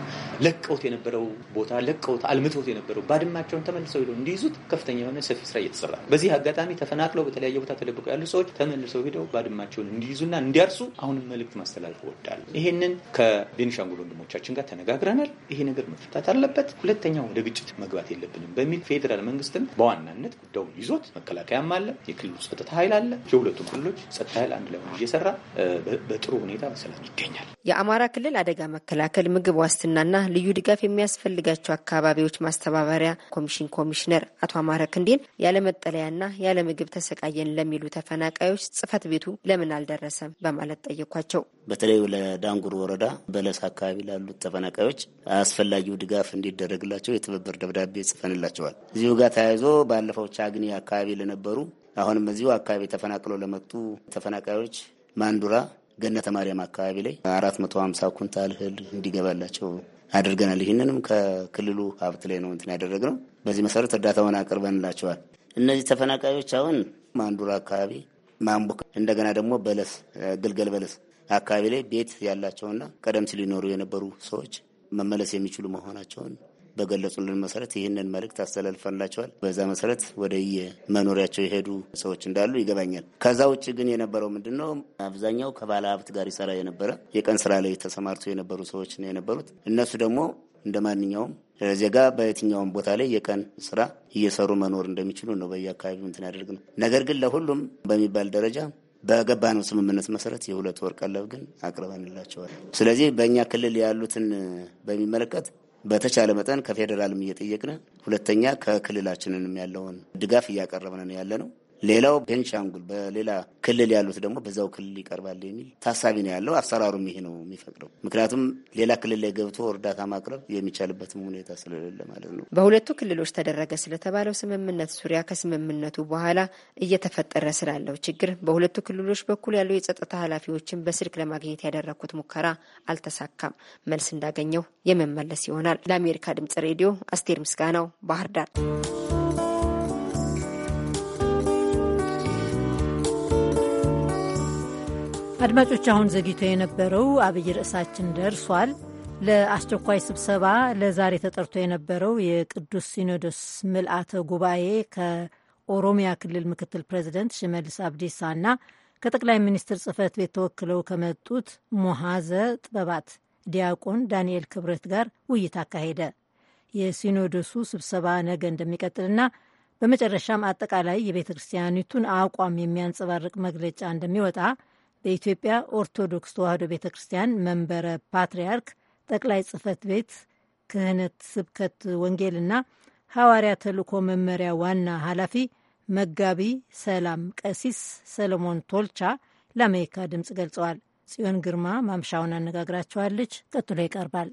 ለቀውት የነበረው ቦታ ለቀውት አልምተውት የነበረው ባድማቸውን ተመልሰው ሄደው እንዲይዙት ከፍተኛ የሆነ ሰፊ ስራ እየተሰራ ነው። በዚህ አጋጣሚ ተፈናቅለው በተለያየ ቦታ ተደብቀው ያሉ ሰዎች ተመልሰው ሄደው ባድማቸውን እንዲይዙና እንዲያርሱ አሁንም መልእክት ማስተላለፍ እወዳለሁ። ይህንን ከቤኒሻንጉል ወንድሞቻችን ጋር ተነጋግረናል። ይሄ ነገር መፈታት አለበት። ሁለተኛ ወደ ግጭት መግባት የለብንም በሚል ፌዴራል መንግስትም በዋናነት ጉዳዩን ይዞት መከላከያም አለ የክልሉ ጸጥታ ኃይል አለ። የሁለቱም ክልሎች ጸጥታ ኃይል አንድ ላይ እየሰራ በጥሩ ሁኔታ በሰላም ይገኛል። የአማራ ክልል አደጋ መከላከል ምግብ ዋስትናና ልዩ ድጋፍ የሚያስፈልጋቸው አካባቢዎች ማስተባበሪያ ኮሚሽን ኮሚሽነር አቶ አማረ ክንዴን ያለመጠለያና ያለ ምግብ ተሰቃየን ለሚሉ ተፈናቃዮች ጽህፈት ቤቱ ለምን አልደረሰም በማለት ጠየኳቸው። በተለይ ለዳንጉር ወረዳ በለስ አካባቢ ላሉት ተፈናቃዮች አስፈላጊው ድጋፍ እንዲደረግላቸው የትብብር ደብዳቤ ጽፈንላቸዋል። እዚሁ ጋር ተያይዞ ባለፈው ቻግኒ አካባቢ ለነበሩ አሁንም እዚሁ አካባቢ ተፈናቅለው ለመጡ ተፈናቃዮች ማንዱራ ገነተ ማርያም አካባቢ ላይ አራት መቶ ሀምሳ ኩንታል እህል እንዲገባላቸው አድርገናል። ይህንንም ከክልሉ ሀብት ላይ ነው እንትን ያደረግነው። በዚህ መሰረት እርዳታውን አቅርበንላቸዋል። እነዚህ ተፈናቃዮች አሁን ማንዱራ አካባቢ ማንቦ፣ እንደገና ደግሞ በለስ ግልገል በለስ አካባቢ ላይ ቤት ያላቸውና ቀደም ሲል ሊኖሩ የነበሩ ሰዎች መመለስ የሚችሉ መሆናቸውን በገለጹልን መሰረት ይህንን መልእክት አስተላልፈንላቸዋል። በዛ መሰረት ወደ መኖሪያቸው የሄዱ ሰዎች እንዳሉ ይገባኛል። ከዛ ውጭ ግን የነበረው ምንድን ነው? አብዛኛው ከባለ ሀብት ጋር ይሰራ የነበረ የቀን ስራ ላይ ተሰማርቶ የነበሩ ሰዎች ነው የነበሩት። እነሱ ደግሞ እንደ ማንኛውም ዜጋ በየትኛውም ቦታ ላይ የቀን ስራ እየሰሩ መኖር እንደሚችሉ ነው በየአካባቢው እንትን ያደርግ ነው። ነገር ግን ለሁሉም በሚባል ደረጃ ነው ስምምነት መሰረት የሁለት ወር ቀለብ ግን አቅርበንላቸዋል። ስለዚህ በእኛ ክልል ያሉትን በሚመለከት በተቻለ መጠን ከፌዴራልም እየጠየቅን ሁለተኛ ከክልላችንንም ያለውን ድጋፍ እያቀረብን ያለ ነው። ሌላው ቤንሻንጉል በሌላ ክልል ያሉት ደግሞ በዛው ክልል ይቀርባል የሚል ታሳቢ ነው ያለው። አሰራሩም ይሄ ነው የሚፈቅደው። ምክንያቱም ሌላ ክልል ላይ ገብቶ እርዳታ ማቅረብ የሚቻልበትም ሁኔታ ስለሌለ ማለት ነው። በሁለቱ ክልሎች ተደረገ ስለተባለው ስምምነት ዙሪያ ከስምምነቱ በኋላ እየተፈጠረ ስላለው ችግር በሁለቱ ክልሎች በኩል ያሉ የጸጥታ ኃላፊዎችን በስልክ ለማግኘት ያደረግኩት ሙከራ አልተሳካም። መልስ እንዳገኘው የመመለስ ይሆናል። ለአሜሪካ ድምጽ ሬዲዮ አስቴር ምስጋናው ባህር ዳር። አድማጮች፣ አሁን ዘግይቶ የነበረው አብይ ርዕሳችን ደርሷል። ለአስቸኳይ ስብሰባ ለዛሬ ተጠርቶ የነበረው የቅዱስ ሲኖዶስ ምልአተ ጉባኤ ከኦሮሚያ ክልል ምክትል ፕሬዚደንት ሽመልስ አብዲሳና ከጠቅላይ ሚኒስትር ጽህፈት ቤት ተወክለው ከመጡት ሞሃዘ ጥበባት ዲያቆን ዳንኤል ክብረት ጋር ውይይት አካሄደ። የሲኖዶሱ ስብሰባ ነገ እንደሚቀጥልና በመጨረሻም አጠቃላይ የቤተ ክርስቲያኒቱን አቋም የሚያንጸባርቅ መግለጫ እንደሚወጣ በኢትዮጵያ ኦርቶዶክስ ተዋሕዶ ቤተ ክርስቲያን መንበረ ፓትርያርክ ጠቅላይ ጽሕፈት ቤት ክህነት ስብከት ወንጌልና ሐዋርያ ተልእኮ መመሪያ ዋና ኃላፊ መጋቢ ሰላም ቀሲስ ሰለሞን ቶልቻ ለአሜሪካ ድምፅ ገልጸዋል። ጽዮን ግርማ ማምሻውን አነጋግራቸዋለች። ቀጥሎ ይቀርባል።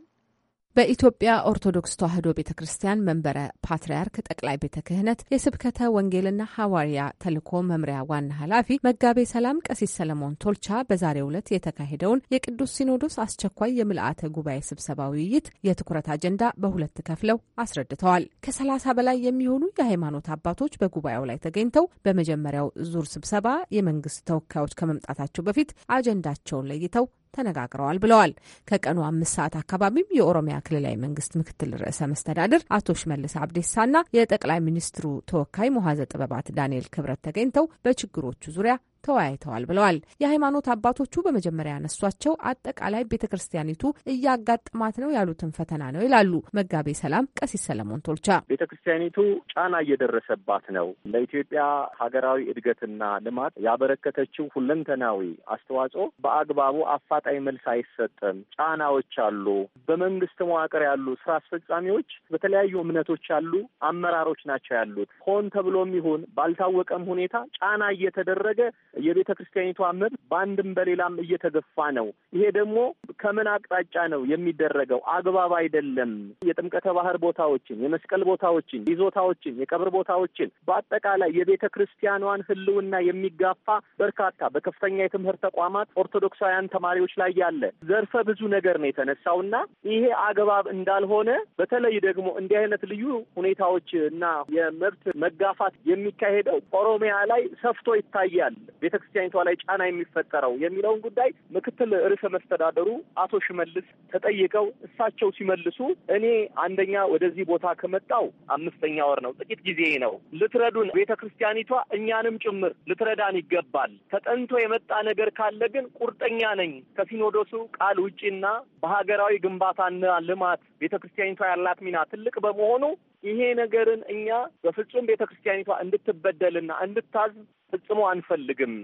በኢትዮጵያ ኦርቶዶክስ ተዋሕዶ ቤተ ክርስቲያን መንበረ ፓትርያርክ ጠቅላይ ቤተ ክህነት የስብከተ ወንጌልና ሐዋርያ ተልእኮ መምሪያ ዋና ኃላፊ መጋቤ ሰላም ቀሲስ ሰለሞን ቶልቻ በዛሬው ዕለት የተካሄደውን የቅዱስ ሲኖዶስ አስቸኳይ የምልአተ ጉባኤ ስብሰባ ውይይት የትኩረት አጀንዳ በሁለት ከፍለው አስረድተዋል። ከሰላሳ በላይ የሚሆኑ የሃይማኖት አባቶች በጉባኤው ላይ ተገኝተው በመጀመሪያው ዙር ስብሰባ የመንግስት ተወካዮች ከመምጣታቸው በፊት አጀንዳቸውን ለይተው ተነጋግረዋል ብለዋል። ከቀኑ አምስት ሰዓት አካባቢም የኦሮሚያ ክልላዊ መንግስት ምክትል ርዕሰ መስተዳድር አቶ ሽመልስ አብዴሳና የጠቅላይ ሚኒስትሩ ተወካይ ሞሐዘ ጥበባት ዳንኤል ክብረት ተገኝተው በችግሮቹ ዙሪያ ተወያይተዋል ብለዋል። የሃይማኖት አባቶቹ በመጀመሪያ ያነሷቸው አጠቃላይ ቤተ ክርስቲያኒቱ እያጋጠማት ነው ያሉትን ፈተና ነው ይላሉ መጋቤ ሰላም ቀሲስ ሰለሞን ቶልቻ። ቤተ ክርስቲያኒቱ ጫና እየደረሰባት ነው። ለኢትዮጵያ ሀገራዊ እድገትና ልማት ያበረከተችው ሁለንተናዊ አስተዋጽኦ በአግባቡ አፋጣኝ መልስ አይሰጥም። ጫናዎች አሉ። በመንግስት መዋቅር ያሉ ስራ አስፈጻሚዎች፣ በተለያዩ እምነቶች ያሉ አመራሮች ናቸው ያሉት። ሆን ተብሎም ይሁን ባልታወቀም ሁኔታ ጫና እየተደረገ የቤተ ክርስቲያኒቷ መብት በአንድም በሌላም እየተገፋ ነው። ይሄ ደግሞ ከምን አቅጣጫ ነው የሚደረገው? አግባብ አይደለም። የጥምቀተ ባህር ቦታዎችን፣ የመስቀል ቦታዎችን፣ ይዞታዎችን፣ የቀብር ቦታዎችን በአጠቃላይ የቤተ ክርስቲያኗን ህልውና የሚጋፋ በርካታ በከፍተኛ የትምህርት ተቋማት ኦርቶዶክሳውያን ተማሪዎች ላይ ያለ ዘርፈ ብዙ ነገር ነው የተነሳው ና ይሄ አግባብ እንዳልሆነ በተለይ ደግሞ እንዲህ አይነት ልዩ ሁኔታዎች እና የመብት መጋፋት የሚካሄደው ኦሮሚያ ላይ ሰፍቶ ይታያል። ቤተ ክርስቲያኒቷ ላይ ጫና የሚፈጠረው የሚለውን ጉዳይ ምክትል ርዕሰ መስተዳደሩ አቶ ሽመልስ ተጠይቀው እሳቸው ሲመልሱ እኔ አንደኛ ወደዚህ ቦታ ከመጣው አምስተኛ ወር ነው፣ ጥቂት ጊዜ ነው። ልትረዱን ቤተ ክርስቲያኒቷ እኛንም ጭምር ልትረዳን ይገባል። ተጠንቶ የመጣ ነገር ካለ ግን ቁርጠኛ ነኝ ከሲኖዶሱ ቃል ውጪና በሀገራዊ ግንባታና ልማት ቤተ ክርስቲያኒቷ ያላት ሚና ትልቅ በመሆኑ ይሄ ነገርን እኛ በፍጹም ቤተ ክርስቲያኒቷ እንድትበደልና እንድታዝ ፈጽሞ አንፈልግም።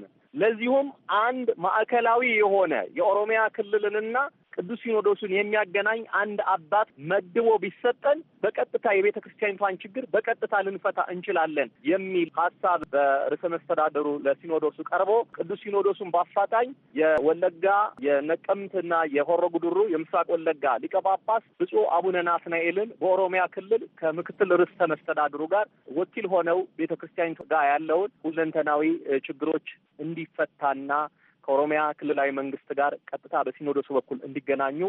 ለዚሁም አንድ ማዕከላዊ የሆነ የኦሮሚያ ክልልንና ቅዱስ ሲኖዶሱን የሚያገናኝ አንድ አባት መድቦ ቢሰጠን በቀጥታ የቤተ ክርስቲያኒቷን ችግር በቀጥታ ልንፈታ እንችላለን የሚል ሀሳብ በርዕሰ መስተዳደሩ ለሲኖዶሱ ቀርቦ ቅዱስ ሲኖዶሱን በአፋጣኝ የወለጋ የነቀምትና የሆሮ ጉድሩ የምስራቅ ወለጋ ሊቀ ጳጳስ ብፁዕ አቡነ ናትናኤልን በኦሮሚያ ክልል ከምክትል ርዕሰ መስተዳድሩ ጋር ወኪል ሆነው ቤተ ክርስቲያኒቷ ጋር ያለውን ሁለንተናዊ ችግሮች እንዲፈታና ከኦሮሚያ ክልላዊ መንግስት ጋር ቀጥታ በሲኖዶሱ በኩል እንዲገናኙ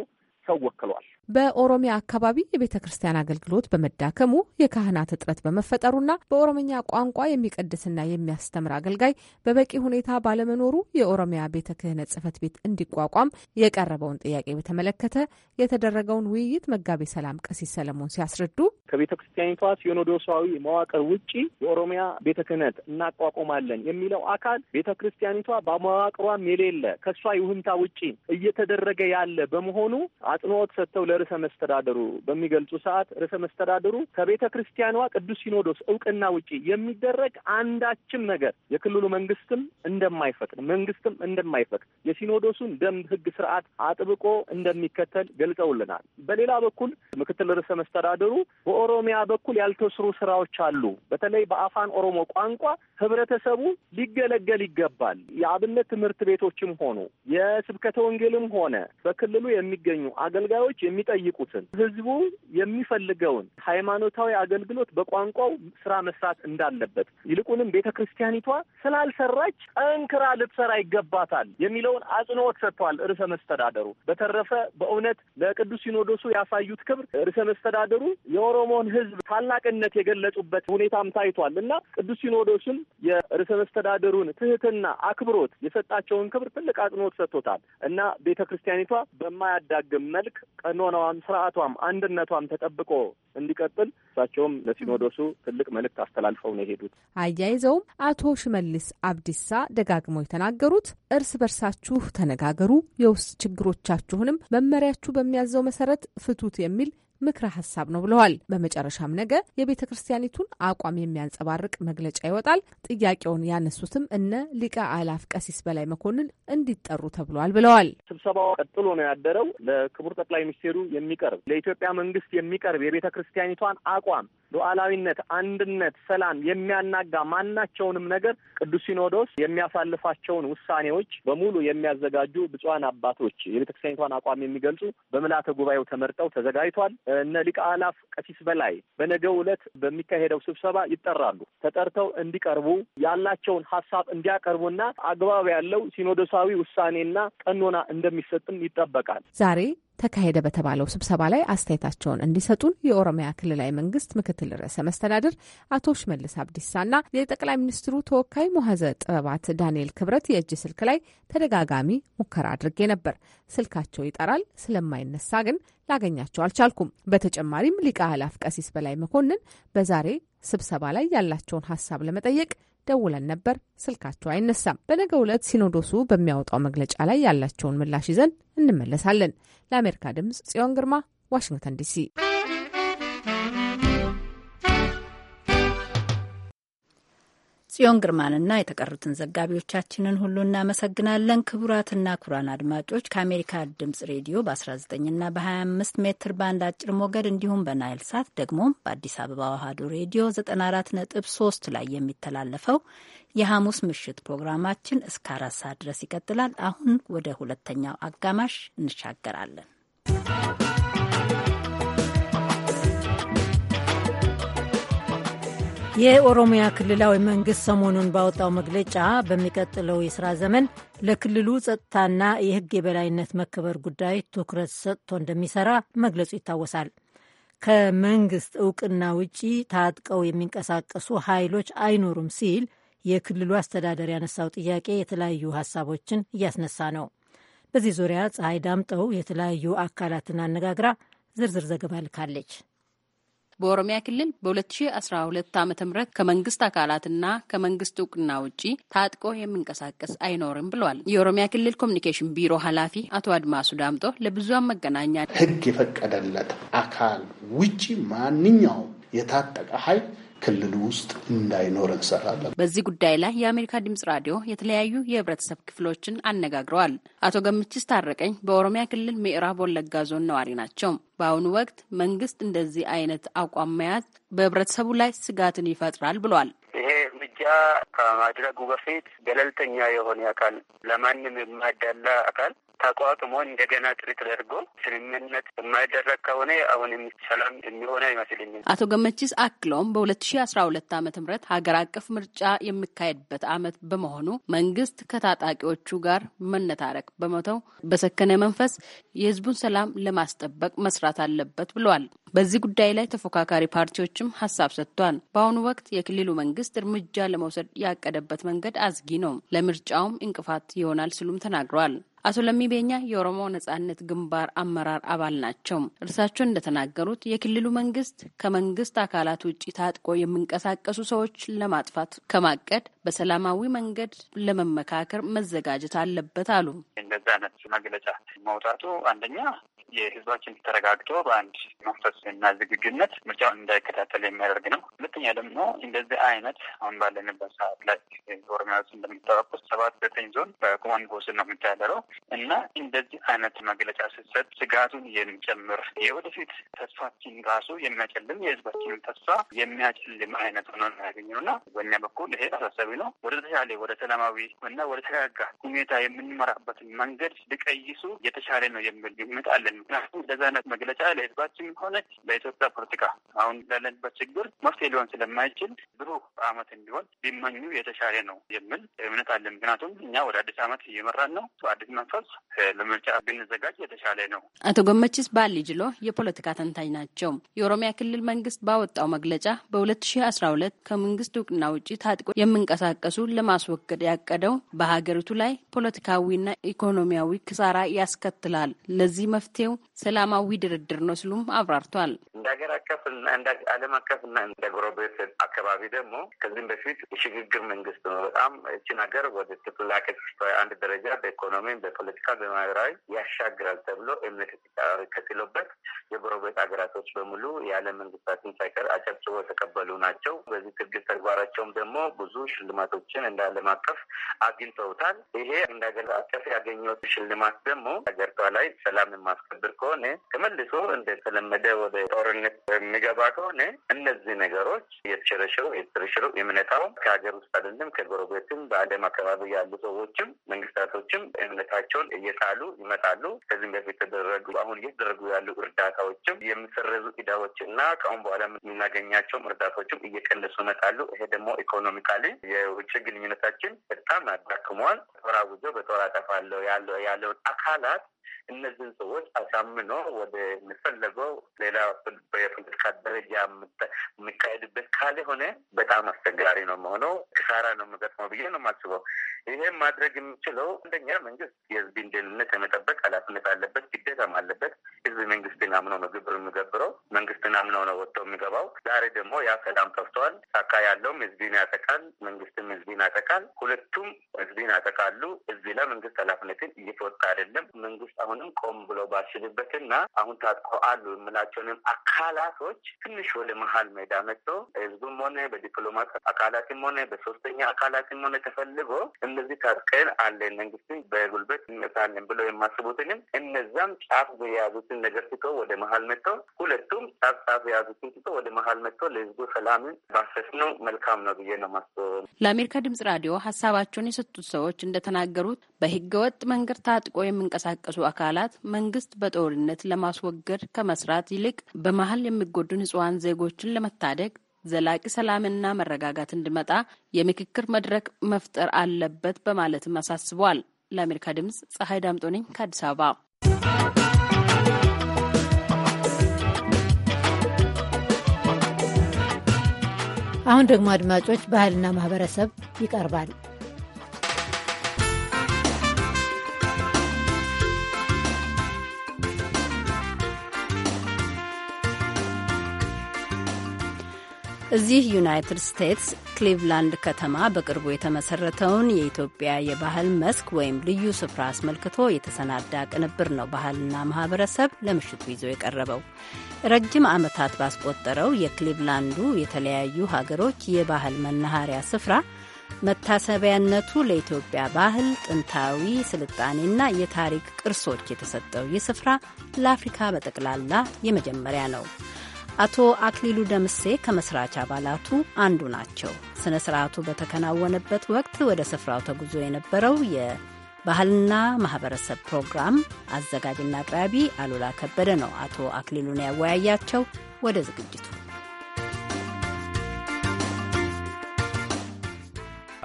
ሰው ወክሏል። በኦሮሚያ አካባቢ የቤተ ክርስቲያን አገልግሎት በመዳከሙ የካህናት እጥረት በመፈጠሩና በኦሮምኛ ቋንቋ የሚቀድስና የሚያስተምር አገልጋይ በበቂ ሁኔታ ባለመኖሩ የኦሮሚያ ቤተ ክህነት ጽሕፈት ቤት እንዲቋቋም የቀረበውን ጥያቄ በተመለከተ የተደረገውን ውይይት መጋቤ ሰላም ቀሲስ ሰለሞን ሲያስረዱ ከቤተ ክርስቲያኒቷ ሲኖዶሳዊ መዋቅር ውጪ የኦሮሚያ ቤተ ክህነት እናቋቁማለን የሚለው አካል ቤተ ክርስቲያኒቷ በመዋቅሯም የሌለ ከእሷ ይሁንታ ውጪ እየተደረገ ያለ በመሆኑ አጽንኦት ሰጥተው ለርዕሰ መስተዳደሩ በሚገልጹ ሰዓት ርዕሰ መስተዳደሩ ከቤተ ክርስቲያኗ ቅዱስ ሲኖዶስ እውቅና ውጪ የሚደረግ አንዳችም ነገር የክልሉ መንግስትም እንደማይፈቅድ መንግስትም እንደማይፈቅድ የሲኖዶሱን ደንብ፣ ህግ ስርዓት አጥብቆ እንደሚከተል ገልጸውልናል። በሌላ በኩል ምክትል ርዕሰ መስተዳደሩ በኦሮሚያ በኩል ያልተስሩ ስራዎች አሉ። በተለይ በአፋን ኦሮሞ ቋንቋ ህብረተሰቡ ሊገለገል ይገባል። የአብነት ትምህርት ቤቶችም ሆኑ የስብከተ ወንጌልም ሆነ በክልሉ የሚገኙ አገልጋዮች የሚጠይቁትን ህዝቡ የሚፈልገውን ሃይማኖታዊ አገልግሎት በቋንቋው ስራ መስራት እንዳለበት ይልቁንም ቤተ ክርስቲያኒቷ ስላልሰራች ጠንክራ ልትሰራ ይገባታል የሚለውን አጽንኦት ሰጥተዋል ርዕሰ መስተዳደሩ። በተረፈ በእውነት ለቅዱስ ሲኖዶሱ ያሳዩት ክብር ርዕሰ መስተዳደሩ የኦሮሞን ህዝብ ታላቅነት የገለጹበት ሁኔታም ታይቷል እና ቅዱስ ሲኖዶሱም የርዕሰ መስተዳደሩን ትህትና፣ አክብሮት የሰጣቸውን ክብር ትልቅ አጽንኦት ሰጥቶታል እና ቤተ ክርስቲያኒቷ በማያዳግም መልክ ቀኖናዋም ስርዓቷም አንድነቷም ተጠብቆ እንዲቀጥል እሳቸውም ለሲኖዶሱ ትልቅ መልእክት አስተላልፈው ነው የሄዱት። አያይዘውም አቶ ሽመልስ አብዲሳ ደጋግመው የተናገሩት እርስ በርሳችሁ ተነጋገሩ፣ የውስጥ ችግሮቻችሁንም መመሪያችሁ በሚያዘው መሰረት ፍቱት የሚል ምክረ ሀሳብ ነው ብለዋል። በመጨረሻም ነገ የቤተ ክርስቲያኒቱን አቋም የሚያንጸባርቅ መግለጫ ይወጣል። ጥያቄውን ያነሱትም እነ ሊቀ አላፍ ቀሲስ በላይ መኮንን እንዲጠሩ ተብሏል ብለዋል። ስብሰባው ቀጥሎ ነው ያደረው። ለክቡር ጠቅላይ ሚኒስቴሩ የሚቀርብ ለኢትዮጵያ መንግስት የሚቀርብ የቤተ ክርስቲያኒቷን አቋም፣ ሉዓላዊነት፣ አንድነት፣ ሰላም የሚያናጋ ማናቸውንም ነገር ቅዱስ ሲኖዶስ የሚያሳልፋቸውን ውሳኔዎች በሙሉ የሚያዘጋጁ ብፁዓን አባቶች የቤተክርስቲያኒቷን አቋም የሚገልጹ በምልዓተ ጉባኤው ተመርጠው ተዘጋጅቷል። እነ ሊቀ አላፍ ቀሲስ በላይ በነገው ዕለት በሚካሄደው ስብሰባ ይጠራሉ። ተጠርተው እንዲቀርቡ ያላቸውን ሀሳብ እንዲያቀርቡና አግባብ ያለው ሲኖዶሳዊ ውሳኔና ቀኖና እንደሚሰጥም ይጠበቃል። ዛሬ ተካሄደ በተባለው ስብሰባ ላይ አስተያየታቸውን እንዲሰጡን የኦሮሚያ ክልላዊ መንግስት ምክትል ርዕሰ መስተዳድር አቶ ሽመልስ አብዲሳና የጠቅላይ ሚኒስትሩ ተወካይ ሞሐዘ ጥበባት ዳንኤል ክብረት የእጅ ስልክ ላይ ተደጋጋሚ ሙከራ አድርጌ ነበር። ስልካቸው ይጠራል፣ ስለማይነሳ ግን ላገኛቸው አልቻልኩም። በተጨማሪም ሊቀ ኃላፊ ቀሲስ በላይ መኮንን በዛሬ ስብሰባ ላይ ያላቸውን ሀሳብ ለመጠየቅ ደውለን ነበር። ስልካቸው አይነሳም። በነገው ዕለት ሲኖዶሱ በሚያወጣው መግለጫ ላይ ያላቸውን ምላሽ ይዘን እንመለሳለን። ለአሜሪካ ድምፅ ጽዮን ግርማ ዋሽንግተን ዲሲ ጽዮን ግርማንና የተቀሩትን ዘጋቢዎቻችንን ሁሉ እናመሰግናለን። ክቡራትና ክቡራን አድማጮች ከአሜሪካ ድምጽ ሬዲዮ በ19ና በ25 ሜትር ባንድ አጭር ሞገድ እንዲሁም በናይል ሳት ደግሞም በአዲስ አበባ አሃዱ ሬዲዮ 94.3 ላይ የሚተላለፈው የሐሙስ ምሽት ፕሮግራማችን እስከ አራት ሰዓት ድረስ ይቀጥላል። አሁን ወደ ሁለተኛው አጋማሽ እንሻገራለን። የኦሮሚያ ክልላዊ መንግስት ሰሞኑን ባወጣው መግለጫ በሚቀጥለው የሥራ ዘመን ለክልሉ ጸጥታና የሕግ የበላይነት መከበር ጉዳይ ትኩረት ሰጥቶ እንደሚሠራ መግለጹ ይታወሳል። ከመንግሥት ዕውቅና ውጪ ታጥቀው የሚንቀሳቀሱ ኃይሎች አይኖሩም ሲል የክልሉ አስተዳደር ያነሳው ጥያቄ የተለያዩ ሀሳቦችን እያስነሳ ነው። በዚህ ዙሪያ ፀሐይ ዳምጠው የተለያዩ አካላትን አነጋግራ ዝርዝር ዘገባ ልካለች። በኦሮሚያ ክልል በ2012 ዓ ም ከመንግስት አካላትና ከመንግስት እውቅና ውጪ ታጥቆ የሚንቀሳቀስ አይኖርም ብሏል። የኦሮሚያ ክልል ኮሚኒኬሽን ቢሮ ኃላፊ አቶ አድማሱ ዳምጦ ለብዙሃን መገናኛ ህግ የፈቀደለት አካል ውጪ ማንኛውም የታጠቀ ኃይል ክልሉ ውስጥ እንዳይኖር እንሰራለን። በዚህ ጉዳይ ላይ የአሜሪካ ድምጽ ራዲዮ የተለያዩ የህብረተሰብ ክፍሎችን አነጋግረዋል። አቶ ገምችስ ታረቀኝ በኦሮሚያ ክልል ምዕራብ ወለጋ ዞን ነዋሪ ናቸው። በአሁኑ ወቅት መንግስት እንደዚህ አይነት አቋም መያዝ በህብረተሰቡ ላይ ስጋትን ይፈጥራል ብሏል። ይሄ እርምጃ ከማድረጉ በፊት ገለልተኛ የሆነ አካል ለማንም የማዳላ አካል ተቋቁሞ እንደገና ጥሪ ተደርጎ ስምምነት የማይደረግ ከሆነ አሁንም ሰላም የሚሆነ አይመስልኝም። አቶ ገመችስ አክለውም በሁለት ሺ አስራ ሁለት ዓመተ ምህረት ሀገር አቀፍ ምርጫ የሚካሄድበት አመት በመሆኑ መንግስት ከታጣቂዎቹ ጋር መነታረክ በመተው በሰከነ መንፈስ የህዝቡን ሰላም ለማስጠበቅ መስራት አለበት ብለዋል። በዚህ ጉዳይ ላይ ተፎካካሪ ፓርቲዎችም ሀሳብ ሰጥቷል። በአሁኑ ወቅት የክልሉ መንግስት እርምጃ ለመውሰድ ያቀደበት መንገድ አዝጊ ነው፣ ለምርጫውም እንቅፋት ይሆናል ሲሉም ተናግረዋል። አቶ ቤኛ የኦሮሞ ነጻነት ግንባር አመራር አባል ናቸው። እርሳቸው እንደተናገሩት የክልሉ መንግስት ከመንግስት አካላት ውጭ ታጥቆ የሚንቀሳቀሱ ሰዎች ለማጥፋት ከማቀድ በሰላማዊ መንገድ ለመመካከር መዘጋጀት አለበት አሉ። እንደዛ አይነት መግለጫ መውጣቱ አንደኛ የህዝባችን ተረጋግቶ በአንድ መንፈስ እና ዝግጁነት ምርጫውን እንዳይከታተል የሚያደርግ ነው። ሁለተኛ ደግሞ እንደዚህ አይነት አሁን ባለንበት ሰዓት ላይ ኦሮሚያ ውስጥ እንደሚታወቁት ሰባት ዘጠኝ ዞን በኮማንድ ፖስት ነው የሚተዳደረው እና እንደዚህ አይነት መግለጫ ስትሰጥ ስጋቱን የሚጨምር የወደፊት ተስፋችን ራሱ የሚያጨልም የህዝባችንን ተስፋ የሚያጨልም አይነት ሆኖ ነው እና በእኛ በኩል ይሄ አሳሳቢ ነው። ወደ ተሻለ ወደ ሰላማዊ እና ወደ ተረጋጋ ሁኔታ የምንመራበትን መንገድ ሊቀይሱ የተሻለ ነው የሚል ግምት አለን። ምክንያቱም እንደዚህ አይነት መግለጫ ለህዝባችን ሆነ ለኢትዮጵያ ፖለቲካ አሁን ላለንበት ችግር መፍትሄ ሊሆን ስለማይችል ብሩህ አመት እንዲሆን ቢመኙ የተሻለ ነው የሚል እምነት አለ። ምክንያቱም እኛ ወደ አዲስ አመት እየመራን ነው። አዲስ መንፈስ ለምርጫ ብንዘጋጅ የተሻለ ነው። አቶ ገመችስ ባሊ ጅሎ የፖለቲካ ተንታኝ ናቸው። የኦሮሚያ ክልል መንግስት ባወጣው መግለጫ በ2012 ከመንግስት እውቅና ውጭ ታጥቆ የምንቀሳቀሱ ለማስወገድ ያቀደው በሀገሪቱ ላይ ፖለቲካዊና ኢኮኖሚያዊ ክሳራ ያስከትላል። ለዚህ መፍትሄ ጉዳዩ ሰላማዊ ድርድር ነው ሲሉም አብራርቷል። እንደ ሀገር አቀፍ እና እንደ ዓለም አቀፍ እና እንደ ጎረቤት አካባቢ ደግሞ ከዚህም በፊት የሽግግር መንግስት ነው በጣም እችን ሀገር ወደ ትላቅ አንድ ደረጃ በኢኮኖሚም፣ በፖለቲካ፣ በማህበራዊ ያሻግራል ተብሎ እምነት ከጥሎበት የጎረቤት ሀገራቶች በሙሉ የዓለም መንግስታትን ሳይቀር አጨብጭቦ የተቀበሉ ናቸው። በዚህ ትግል ተግባራቸውም ደግሞ ብዙ ሽልማቶችን እንደ ዓለም አቀፍ አግኝተውታል። ይሄ እንደ ሀገር አቀፍ ያገኘት ሽልማት ደግሞ ሀገርቷ ላይ ሰላም ማስከ የሚያስከብር ከሆነ ተመልሶ እንደተለመደ ወደ ጦርነት የሚገባ ከሆነ እነዚህ ነገሮች የተሸረሸሩ የተሸረሸሩ እምነታው ከሀገር ውስጥ አይደለም ከጎረቤትም በዓለም አካባቢ ያሉ ሰዎችም መንግስታቶችም እምነታቸውን እየጣሉ ይመጣሉ። ከዚህም በፊት የተደረጉ አሁን እየተደረጉ ያሉ እርዳታዎችም የሚሰረዙ ዕዳዎች እና ከአሁን በኋላ የምናገኛቸውም እርዳታዎችም እየቀነሱ ይመጣሉ። ይሄ ደግሞ ኢኮኖሚካሊ የውጭ ግንኙነታችን በጣም አዳክሟል። ጦር አውጆ በጦር አጠፋለሁ ያለው ያለውን አካላት እነዚህን ሰዎች አሳምኖ ወደ የሚፈለገው ሌላ የፖለቲካ ደረጃ የሚካሄድበት ካልሆነ በጣም አስቸጋሪ ነው መሆነው ክሳራ ነው የምገጥመው ብዬ ነው የማስበው። ይሄም ማድረግ የሚችለው አንደኛ መንግስት የህዝብን ደህንነት የመጠበቅ ኃላፊነት አለበት፣ ግዴታም አለበት። ህዝብ መንግስትን አምኖ ነው ግብር የሚገብረው። መንግስትን አምኖ ነው ወጥቶ የሚገባው። ዛሬ ደግሞ ያ ሰላም ጠፍተዋል። ሳካ ያለውም ህዝብን ያጠቃል፣ መንግስትም ህዝብን ያጠቃል። ሁለቱም የተወጣ አይደለም። መንግስት አሁንም ቆም ብሎ ባስብበትና አሁን ታጥቆ አሉ የምላቸውንም አካላቶች ትንሽ ወደ መሀል ሜዳ መጥቶ ህዝቡ በህዝብም ሆነ በዲፕሎማት አካላትም ሆነ በሶስተኛ አካላትም ሆነ ተፈልጎ እነዚህ ታጥቀን አለን መንግስትን በጉልበት እንመታለን ብለው የማስቡትንም እነዛም ጫፍ የያዙትን ነገር ትቶ ወደ መሀል መጥተው ሁለቱም ጫፍ ጫፍ የያዙትን ትቶ ወደ መሀል መጥተው ለህዝቡ ሰላምን ባሰስ ነው መልካም ነው ብዬ ነው ማስበ ለአሜሪካ ድምጽ ራዲዮ ሀሳባቸውን የሰጡት ሰዎች እንደተናገሩት በህገ ወጥ መንገድ ታጥቆ የሚንቀሳቀሱ አካላት መንግስት በጦርነት ለማስወገድ ከመስራት ይልቅ በመሀል የሚጎዱ ንጹሃን ዜጎችን ለመታደግ ዘላቂ ሰላምና መረጋጋት እንዲመጣ የምክክር መድረክ መፍጠር አለበት በማለትም አሳስቧል። ለአሜሪካ ድምጽ ፀሐይ ዳምጦ ነኝ ከአዲስ አበባ። አሁን ደግሞ አድማጮች ባህልና ማህበረሰብ ይቀርባል። እዚህ ዩናይትድ ስቴትስ ክሊቭላንድ ከተማ በቅርቡ የተመሰረተውን የኢትዮጵያ የባህል መስክ ወይም ልዩ ስፍራ አስመልክቶ የተሰናዳ ቅንብር ነው ባህልና ማህበረሰብ ለምሽቱ ይዞ የቀረበው። ረጅም ዓመታት ባስቆጠረው የክሊቭላንዱ የተለያዩ ሀገሮች የባህል መናኸሪያ ስፍራ መታሰቢያነቱ ለኢትዮጵያ ባህል ጥንታዊ ስልጣኔና የታሪክ ቅርሶች የተሰጠው ይህ ስፍራ ለአፍሪካ በጠቅላላ የመጀመሪያ ነው። አቶ አክሊሉ ደምሴ ከመስራች አባላቱ አንዱ ናቸው። ስነ ስርዓቱ በተከናወነበት ወቅት ወደ ስፍራው ተጉዞ የነበረው የባህልና ማህበረሰብ ፕሮግራም አዘጋጅና አቅራቢ አሉላ ከበደ ነው አቶ አክሊሉን ያወያያቸው። ወደ ዝግጅቱ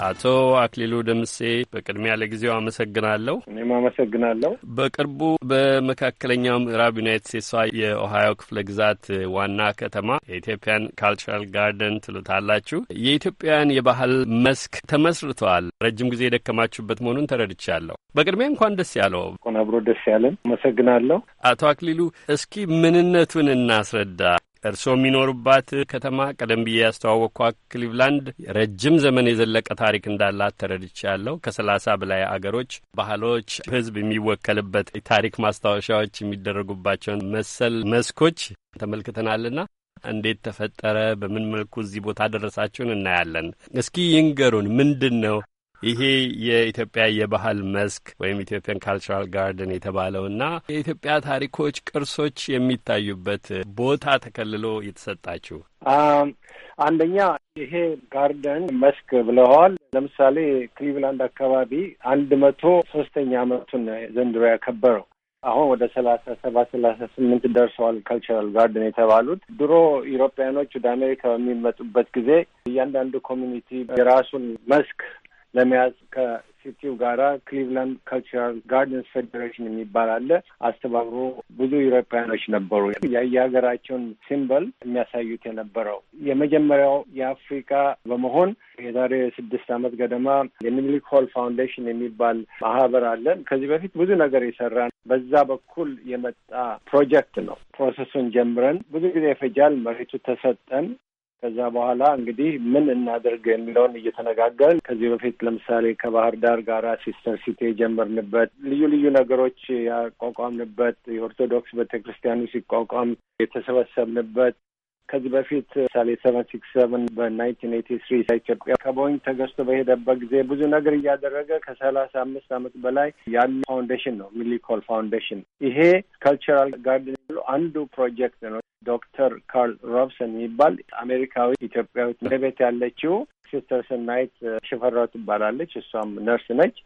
አቶ አክሊሉ ደምሴ በቅድሚያ ለጊዜው አመሰግናለሁ። እኔም አመሰግናለሁ። በቅርቡ በመካከለኛው ምዕራብ ዩናይት ስቴትሷ የኦሃዮ ክፍለ ግዛት ዋና ከተማ የኢትዮጵያን ካልቸራል ጋርደን ትሉታላችሁ የኢትዮጵያን የባህል መስክ ተመስርተዋል። ረጅም ጊዜ የደከማችሁበት መሆኑን ተረድቻለሁ። በቅድሚያ እንኳን ደስ ያለው። እንኳን አብሮ ደስ ያለን። አመሰግናለሁ። አቶ አክሊሉ እስኪ ምንነቱን እናስረዳ። እርስዎ የሚኖሩባት ከተማ ቀደም ብዬ ያስተዋወቅኳ ክሊቭላንድ ረጅም ዘመን የዘለቀ ታሪክ እንዳላት ተረድቻለሁ። ከሰላሳ በላይ አገሮች፣ ባህሎች፣ ህዝብ የሚወከልበት ታሪክ ማስታወሻዎች የሚደረጉባቸውን መሰል መስኮች ተመልክተናልና እንዴት ተፈጠረ፣ በምን መልኩ እዚህ ቦታ ደረሳችሁን እናያለን። እስኪ ይንገሩን፣ ምንድን ነው ይሄ የኢትዮጵያ የባህል መስክ ወይም ኢትዮጵያን ካልቸራል ጋርደን የተባለውና የኢትዮጵያ ታሪኮች፣ ቅርሶች የሚታዩበት ቦታ ተከልሎ የተሰጣችሁ አንደኛ ይሄ ጋርደን መስክ ብለዋል። ለምሳሌ ክሊቭላንድ አካባቢ አንድ መቶ ሶስተኛ አመቱን ዘንድሮ ያከበረው አሁን ወደ ሰላሳ ሰባት ሰላሳ ስምንት ደርሰዋል። ካልቸራል ጋርደን የተባሉት ድሮ ኢሮፓያኖች ወደ አሜሪካ በሚመጡበት ጊዜ እያንዳንዱ ኮሚኒቲ የራሱን መስክ ለመያዝ ከሲቲው ጋራ ክሊቭላንድ ካልቸራል ጋርደንስ ፌዴሬሽን የሚባል አለ። አስተባብሮ ብዙ ኢሮፓያኖች ነበሩ የሀገራቸውን ሲምበል የሚያሳዩት የነበረው የመጀመሪያው የአፍሪካ በመሆን የዛሬ ስድስት ዓመት ገደማ የሚኒሊክ ሆል ፋውንዴሽን የሚባል ማህበር አለን። ከዚህ በፊት ብዙ ነገር የሰራ በዛ በኩል የመጣ ፕሮጀክት ነው። ፕሮሰሱን ጀምረን ብዙ ጊዜ ይፈጃል። መሬቱ ተሰጠን። ከዛ በኋላ እንግዲህ ምን እናደርግ የሚለውን እየተነጋገርን ከዚህ በፊት ለምሳሌ ከባህር ዳር ጋር ሲስተር ሲቲ የጀመርንበት ልዩ ልዩ ነገሮች ያቋቋምንበት የኦርቶዶክስ ቤተክርስቲያኑ ሲቋቋም የተሰበሰብንበት ከዚህ በፊት ምሳሌ ሰቨን ሲክስ ሰቨን በናይንቲን ኤቲ ስሪ ኢትዮጵያ ከቦይንግ ተገዝቶ በሄደበት ጊዜ ብዙ ነገር እያደረገ ከሰላሳ አምስት ዓመት በላይ ያሉ ፋውንዴሽን ነው ሚሊኮል ፋውንዴሽን። ይሄ ካልቸራል ጋርደን አንዱ ፕሮጀክት ነው። ዶክተር ካርል ሮብሰን የሚባል አሜሪካዊ ኢትዮጵያዊት ቤት ያለችው ሲስተር ስናይት ሽፈራው ትባላለች። እሷም ነርስ ነች።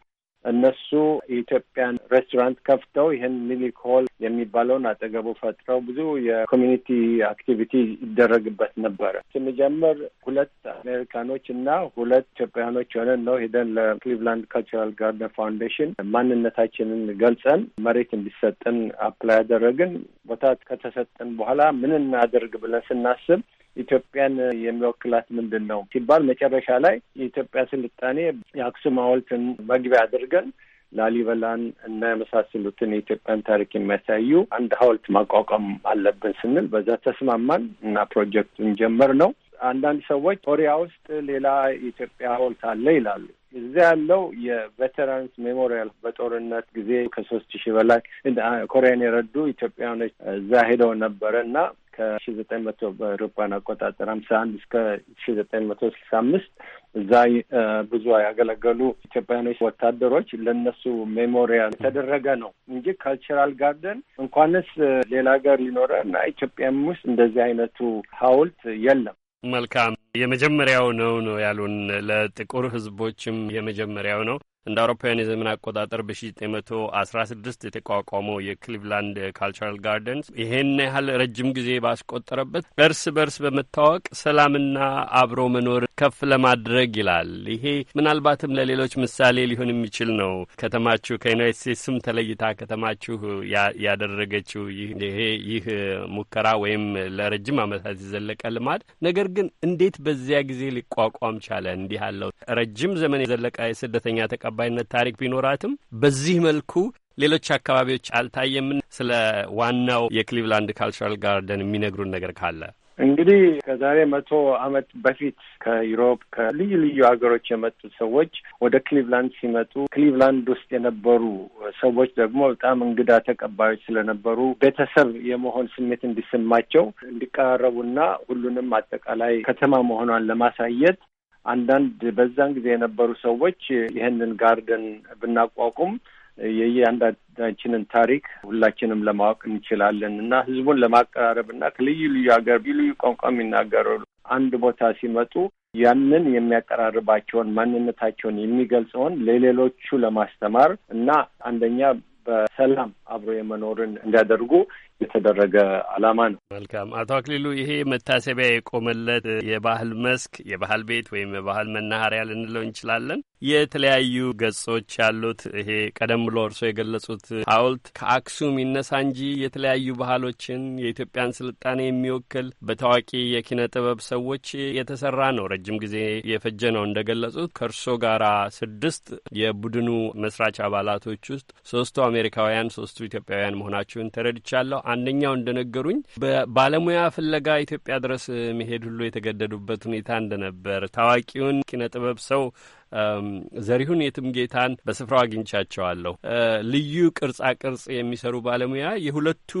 እነሱ የኢትዮጵያን ሬስቶራንት ከፍተው ይህን ሚሊክ ሆል የሚባለውን አጠገቡ ፈጥረው ብዙ የኮሚኒቲ አክቲቪቲ ይደረግበት ነበረ። ስንጀምር ሁለት አሜሪካኖች እና ሁለት ኢትዮጵያኖች የሆነን ነው ሄደን ለክሊቭላንድ ካልቸራል ጋርደን ፋውንዴሽን ማንነታችንን ገልጸን መሬት እንዲሰጠን አፕላይ ያደረግን። ቦታ ከተሰጠን በኋላ ምን እናደርግ ብለን ስናስብ ኢትዮጵያን የሚወክላት ምንድን ነው ሲባል መጨረሻ ላይ የኢትዮጵያ ስልጣኔ የአክሱም ሐውልትን መግቢያ አድርገን ላሊበላን እና የመሳሰሉትን የኢትዮጵያን ታሪክ የሚያሳዩ አንድ ሐውልት ማቋቋም አለብን ስንል በዛ ተስማማን እና ፕሮጀክቱን ጀመር ነው። አንዳንድ ሰዎች ኮሪያ ውስጥ ሌላ የኢትዮጵያ ሐውልት አለ ይላሉ። እዚያ ያለው የቬተራንስ ሜሞሪያል በጦርነት ጊዜ ከሶስት ሺህ በላይ ኮሪያን የረዱ ኢትዮጵያኖች እዛ ሄደው ነበረ እና ከሺ ዘጠኝ መቶ በአውሮፓን አቆጣጠር ሀምሳ አንድ እስከ ሺ ዘጠኝ መቶ ስልሳ አምስት እዛ ብዙ ያገለገሉ ኢትዮጵያኖች ወታደሮች ለነሱ ሜሞሪያል የተደረገ ነው እንጂ ካልቸራል ጋርደን እንኳንስ ሌላ ሀገር ሊኖረ እና ኢትዮጵያም ውስጥ እንደዚህ አይነቱ ሀውልት የለም። መልካም የመጀመሪያው ነው ነው ያሉን። ለጥቁር ህዝቦችም የመጀመሪያው ነው። እንደ አውሮፓውያን የዘመን አቆጣጠር በ1916 የተቋቋመው የክሊቭላንድ ካልቸራል ጋርደንስ ይሄን ያህል ረጅም ጊዜ ባስቆጠረበት እርስ በርስ በመታወቅ ሰላምና አብሮ መኖር ከፍ ለማድረግ ይላል። ይሄ ምናልባትም ለሌሎች ምሳሌ ሊሆን የሚችል ነው። ከተማችሁ ከዩናይት ስቴትስም ተለይታ ከተማችሁ ያደረገችው ይሄ ይህ ሙከራ ወይም ለረጅም ዓመታት የዘለቀ ልማድ፣ ነገር ግን እንዴት በዚያ ጊዜ ሊቋቋም ቻለ? እንዲህ ያለው ረጅም ዘመን የዘለቀ የስደተኛ ተቀባይነት ታሪክ ቢኖራትም በዚህ መልኩ ሌሎች አካባቢዎች አልታየምን? ስለ ዋናው የክሊቭላንድ ካልቸራል ጋርደን የሚነግሩን ነገር ካለ እንግዲህ ከዛሬ መቶ ዓመት በፊት ከዩሮፕ ከልዩ ልዩ ሀገሮች የመጡ ሰዎች ወደ ክሊቭላንድ ሲመጡ ክሊቭላንድ ውስጥ የነበሩ ሰዎች ደግሞ በጣም እንግዳ ተቀባዮች ስለነበሩ ቤተሰብ የመሆን ስሜት እንዲሰማቸው እንዲቀራረቡና ሁሉንም አጠቃላይ ከተማ መሆኗን ለማሳየት አንዳንድ በዛን ጊዜ የነበሩ ሰዎች ይህንን ጋርደን ብናቋቁም የእያንዳንዳችንን ታሪክ ሁላችንም ለማወቅ እንችላለን እና ህዝቡን ለማቀራረብ እና ከልዩ ልዩ ሀገር ልዩ ቋንቋ የሚናገሩ አንድ ቦታ ሲመጡ ያንን የሚያቀራርባቸውን ማንነታቸውን የሚገልጸውን ለሌሎቹ ለማስተማር እና አንደኛ በሰላም አብሮ የመኖርን እንዲያደርጉ የተደረገ ዓላማ ነው። መልካም አቶ አክሊሉ፣ ይሄ መታሰቢያ የቆመለት የባህል መስክ የባህል ቤት ወይም የባህል መናኸሪያ ልንለው እንችላለን። የተለያዩ ገጾች ያሉት ይሄ ቀደም ብሎ እርስዎ የገለጹት ሐውልት ከአክሱም ይነሳ እንጂ የተለያዩ ባህሎችን የኢትዮጵያን ስልጣኔ የሚወክል በታዋቂ የኪነ ጥበብ ሰዎች የተሰራ ነው። ረጅም ጊዜ የፈጀ ነው። እንደ ገለጹት ከእርሶ ጋራ ስድስት የቡድኑ መስራች አባላቶች ውስጥ ሶስቱ አሜሪካውያን፣ ሶስቱ ኢትዮጵያውያን መሆናችሁን ተረድቻለሁ። አንደኛው እንደነገሩኝ በባለሙያ ፍለጋ ኢትዮጵያ ድረስ መሄድ ሁሉ የተገደዱበት ሁኔታ እንደነበር ታዋቂውን ኪነ ጥበብ ሰው ዘሪሁን የትም ጌታን በስፍራው አግኝቻቸዋለሁ። ልዩ ቅርጻ ቅርጽ የሚሰሩ ባለሙያ የሁለቱ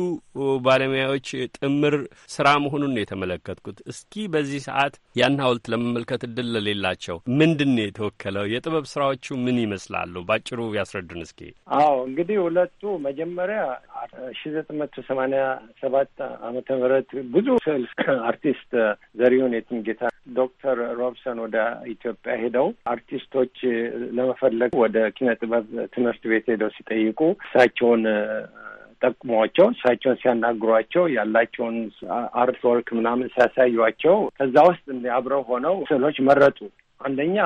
ባለሙያዎች ጥምር ስራ መሆኑን ነው የተመለከትኩት። እስኪ በዚህ ሰዓት ያን ሐውልት ለመመልከት እድል ለሌላቸው ምንድን ነው የተወከለው? የጥበብ ስራዎቹ ምን ይመስላሉ? ባጭሩ ያስረዱን እስኪ። አዎ እንግዲህ ሁለቱ መጀመሪያ ሺ ዘጠኝ መቶ ሰማኒያ ሰባት አመተ ምህረት ብዙ ስዕል አርቲስት ዘሪሁን የትም ጌታ ዶክተር ሮብሰን ወደ ኢትዮጵያ ሄደው አርቲስት አርቲስቶች ለመፈለግ ወደ ኪነ ጥበብ ትምህርት ቤት ሄደው ሲጠይቁ እሳቸውን ጠቁሟቸው እሳቸውን ሲያናግሯቸው ያላቸውን አርት ወርክ ምናምን ሲያሳዩቸው ከዛ ውስጥ አብረው ሆነው ስዕሎች መረጡ። አንደኛ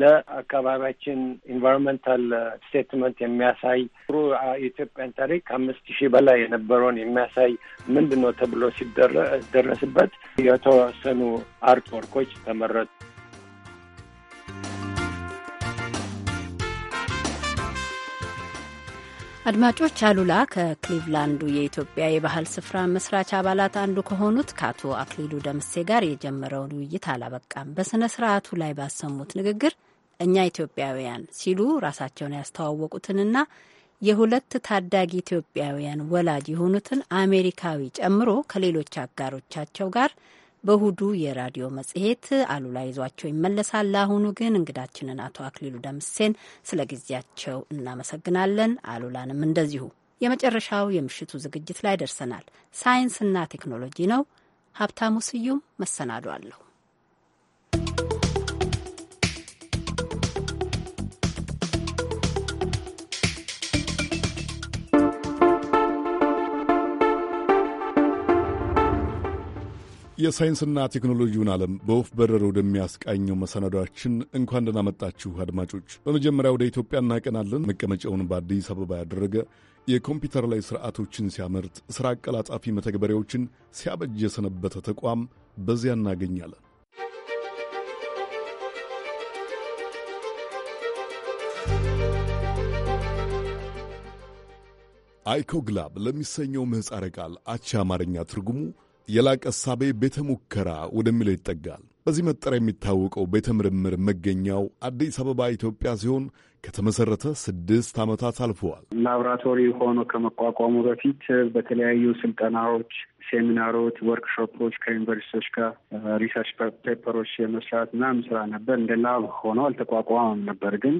ለአካባቢያችን ኢንቫይሮንመንታል ስቴትመንት የሚያሳይ ጥሩ የኢትዮጵያን ታሪክ ከአምስት ሺህ በላይ የነበረውን የሚያሳይ ምንድን ነው ተብሎ ሲደረስበት የተወሰኑ አርት ወርኮች ተመረጡ። አድማጮች አሉላ ከክሊቭላንዱ የኢትዮጵያ የባህል ስፍራ መስራች አባላት አንዱ ከሆኑት ከአቶ አክሊሉ ደምሴ ጋር የጀመረውን ውይይት አላበቃም። በሥነ ስርዓቱ ላይ ባሰሙት ንግግር እኛ ኢትዮጵያውያን ሲሉ ራሳቸውን ያስተዋወቁትንና የሁለት ታዳጊ ኢትዮጵያውያን ወላጅ የሆኑትን አሜሪካዊ ጨምሮ ከሌሎች አጋሮቻቸው ጋር በእሁዱ የራዲዮ መጽሔት አሉላ ይዟቸው ይመለሳል። ለአሁኑ ግን እንግዳችንን አቶ አክሊሉ ደምሴን ስለ ጊዜያቸው እናመሰግናለን። አሉላንም እንደዚሁ። የመጨረሻው የምሽቱ ዝግጅት ላይ ደርሰናል። ሳይንስና ቴክኖሎጂ ነው። ሀብታሙ ስዩም መሰናዶ የሳይንስና ቴክኖሎጂውን ዓለም በወፍ በረር ወደሚያስቃኘው መሰናዷችን እንኳን ደህና መጣችሁ አድማጮች። በመጀመሪያ ወደ ኢትዮጵያ እናቀናለን። መቀመጫውን በአዲስ አበባ ያደረገ የኮምፒውተር ላይ ስርዓቶችን ሲያመርት፣ ሥራ አቀላጣፊ መተግበሪያዎችን ሲያበጅ የሰነበተ ተቋም በዚያ እናገኛለን። አይኮግላብ ለሚሰኘው ምህፃረ ቃል አቻ አማርኛ ትርጉሙ የላቀ እሳቤ ቤተ ሙከራ ወደሚለው ይጠጋል። በዚህ መጠሪያ የሚታወቀው ቤተ ምርምር መገኛው አዲስ አበባ ኢትዮጵያ ሲሆን ከተመሰረተ ስድስት ዓመታት አልፈዋል። ላብራቶሪ ሆኖ ከመቋቋሙ በፊት በተለያዩ ስልጠናዎች፣ ሴሚናሮች፣ ወርክሾፖች ከዩኒቨርሲቲዎች ጋር ሪሰርች ፔፐሮች የመስራት ምናምን ስራ ነበር። እንደ ላብ ሆኖ አልተቋቋመም ነበር ግን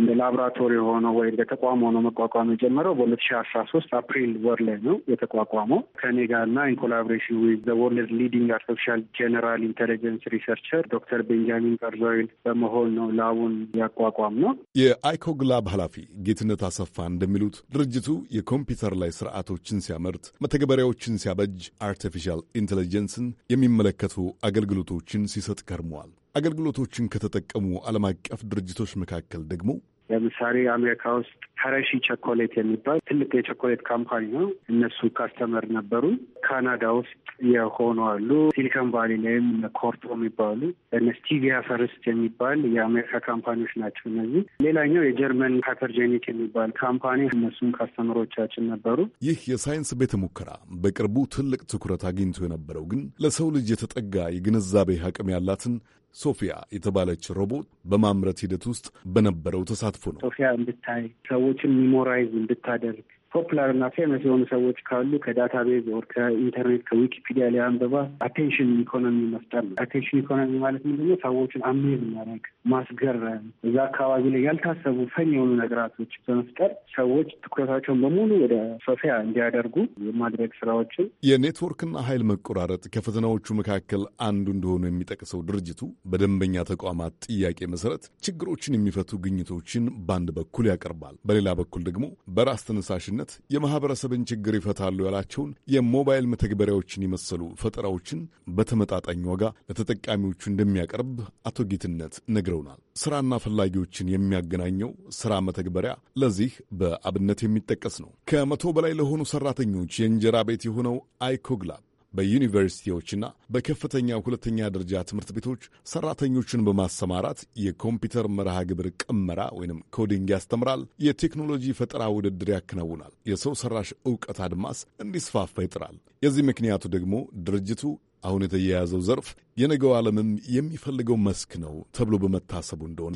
እንደ ላብራቶሪ ሆኖ ወይ እንደ ተቋም ሆኖ መቋቋም የጀመረው በሁለት ሺ አስራ ሶስት አፕሪል ወር ላይ ነው የተቋቋመው ከኔ ጋር እና ኢን ኮላቦሬሽን ዊዝ ዘ ወርልድ ሊዲንግ አርቲፊሻል ጀነራል ኢንቴሊጀንስ ሪሰርቸር ዶክተር ቤንጃሚን ቀርዛዊን በመሆን ነው ላቡን ያቋቋም ነው። የአይኮግላብ ኃላፊ ጌትነት አሰፋ እንደሚሉት ድርጅቱ የኮምፒውተር ላይ ስርዓቶችን ሲያመርት፣ መተግበሪያዎችን ሲያበጅ፣ አርቲፊሻል ኢንቴሊጀንስን የሚመለከቱ አገልግሎቶችን ሲሰጥ ከርመዋል። አገልግሎቶችን ከተጠቀሙ ዓለም አቀፍ ድርጅቶች መካከል ደግሞ ለምሳሌ አሜሪካ ውስጥ ሀረሺ ቸኮሌት የሚባል ትልቅ የቸኮሌት ካምፓኒ ነው። እነሱ ካስተመር ነበሩ። ካናዳ ውስጥ የሆኑ አሉ። ሲሊከን ቫሊ ላይም ኮርቶ የሚባሉ እነ ስቲቪያ ፈርስት የሚባል የአሜሪካ ካምፓኒዎች ናቸው እነዚህ። ሌላኛው የጀርመን ሃይፐርጄኒክ የሚባል ካምፓኒ፣ እነሱም ካስተመሮቻችን ነበሩ። ይህ የሳይንስ ቤተ ሙከራ በቅርቡ ትልቅ ትኩረት አግኝቶ የነበረው ግን ለሰው ልጅ የተጠጋ የግንዛቤ አቅም ያላትን ሶፊያ የተባለች ሮቦት በማምረት ሂደት ውስጥ በነበረው ተሳትፎ ነው። ሶፊያ እንድታይ ሰዎችን ሚሞራይዝ እንድታደርግ ፖፑላር እና ፌመስ የሆኑ ሰዎች ካሉ ከዳታቤዝ ወር ከኢንተርኔት ከዊኪፒዲያ ላይ አንበባ አቴንሽን ኢኮኖሚ መፍጠር ነው። አቴንሽን ኢኮኖሚ ማለት ምንድነው? ሰዎችን አሜዝ ማድረግ ማስገረም፣ እዛ አካባቢ ላይ ያልታሰቡ ፈን የሆኑ ነገራቶች በመፍጠር ሰዎች ትኩረታቸውን በሙሉ ወደ ሶፊያ እንዲያደርጉ የማድረግ ስራዎችን። የኔትወርክና ኃይል መቆራረጥ ከፈተናዎቹ መካከል አንዱ እንደሆነ የሚጠቅሰው ድርጅቱ በደንበኛ ተቋማት ጥያቄ መሰረት ችግሮችን የሚፈቱ ግኝቶችን በአንድ በኩል ያቀርባል፣ በሌላ በኩል ደግሞ በራስ ተነሳሽነት አማካኝነት የማህበረሰብን ችግር ይፈታሉ ያላቸውን የሞባይል መተግበሪያዎችን የመሰሉ ፈጠራዎችን በተመጣጣኝ ዋጋ ለተጠቃሚዎቹ እንደሚያቀርብ አቶ ጌትነት ነግረውናል። ስራና ፈላጊዎችን የሚያገናኘው ስራ መተግበሪያ ለዚህ በአብነት የሚጠቀስ ነው። ከመቶ በላይ ለሆኑ ሰራተኞች የእንጀራ ቤት የሆነው አይኮግላብ በዩኒቨርሲቲዎችና በከፍተኛ ሁለተኛ ደረጃ ትምህርት ቤቶች ሰራተኞችን በማሰማራት የኮምፒውተር መርሃ ግብር ቅመራ ወይም ኮዲንግ ያስተምራል። የቴክኖሎጂ ፈጠራ ውድድር ያከናውናል። የሰው ሰራሽ እውቀት አድማስ እንዲስፋፋ ይጥራል። የዚህ ምክንያቱ ደግሞ ድርጅቱ አሁን የተያያዘው ዘርፍ የነገው ዓለምም የሚፈልገው መስክ ነው ተብሎ በመታሰቡ እንደሆነ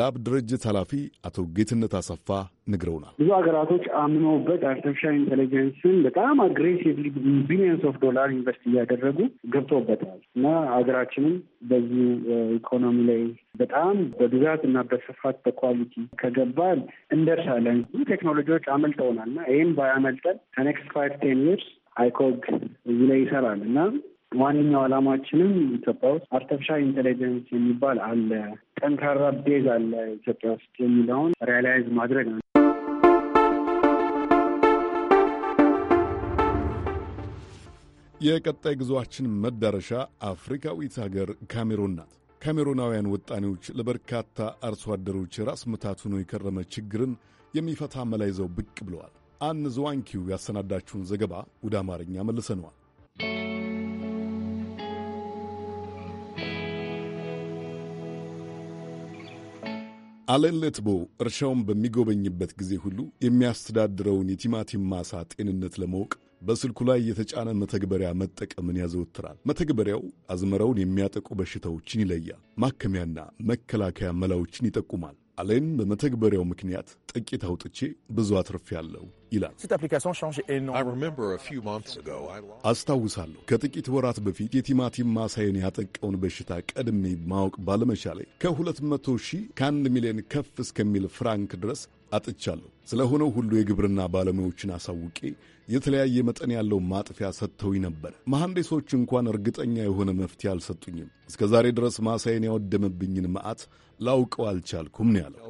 ላብ ድርጅት ኃላፊ አቶ ጌትነት አሰፋ ነግረውናል። ብዙ ሀገራቶች አምነውበት አርቲፊሻል ኢንቴሊጀንስን በጣም አግሬሲቭሊ ቢሊየንስ ኦፍ ዶላር ኢንቨስት እያደረጉ ገብተውበታል እና ሀገራችንም በዚህ ኢኮኖሚ ላይ በጣም በብዛት እና በስፋት በኳሊቲ ከገባል እንደርሳለን። ብዙ ቴክኖሎጂዎች አመልጠውናል እና ይህም ባያመልጠን ከኔክስት ፋይቭ ቴን ይርስ አይኮግ እዚህ ላይ ይሰራል እና ዋነኛው ዓላማችንም ኢትዮጵያ ውስጥ አርቲፊሻል ኢንቴሊጀንስ የሚባል አለ፣ ጠንካራ ቤዝ አለ ኢትዮጵያ ውስጥ የሚለውን ሪያላይዝ ማድረግ ነው። የቀጣይ ጉዞአችን መዳረሻ አፍሪካዊት ሀገር ካሜሩን ናት። ካሜሩናውያን ወጣኔዎች ለበርካታ አርሶ አደሮች ራስ ምታት ሆኖ የከረመ ችግርን የሚፈታ መላ ይዘው ብቅ ብለዋል። አን ዘዋንኪው ያሰናዳችሁን ዘገባ ወደ አማርኛ መልሰነዋል። አለን ለትቦ እርሻውን በሚጎበኝበት ጊዜ ሁሉ የሚያስተዳድረውን የቲማቲም ማሳ ጤንነት ለማወቅ በስልኩ ላይ የተጫነ መተግበሪያ መጠቀምን ያዘወትራል። መተግበሪያው አዝመራውን የሚያጠቁ በሽታዎችን ይለያል፣ ማከሚያና መከላከያ መላዎችን ይጠቁማል። አሌን በመተግበሪያው ምክንያት ጥቂት አውጥቼ ብዙ አትርፌያለሁ ይላል። አስታውሳለሁ ከጥቂት ወራት በፊት የቲማቲም ማሳይን ያጠቃውን በሽታ ቀድሜ ማወቅ ባለመቻሌ ከ 200 ሺህ 1 ሚሊዮን ከፍ እስከሚል ፍራንክ ድረስ አጥቻለሁ። ስለሆነው ሁሉ የግብርና ባለሙያዎችን አሳውቄ የተለያየ መጠን ያለው ማጥፊያ ሰጥተውኝ ነበር። መሐንዲሶች እንኳን እርግጠኛ የሆነ መፍትሄ አልሰጡኝም። እስከ ዛሬ ድረስ ማሳይን ያወደመብኝን መዓት ላውቀው አልቻልኩም ነው ያለው።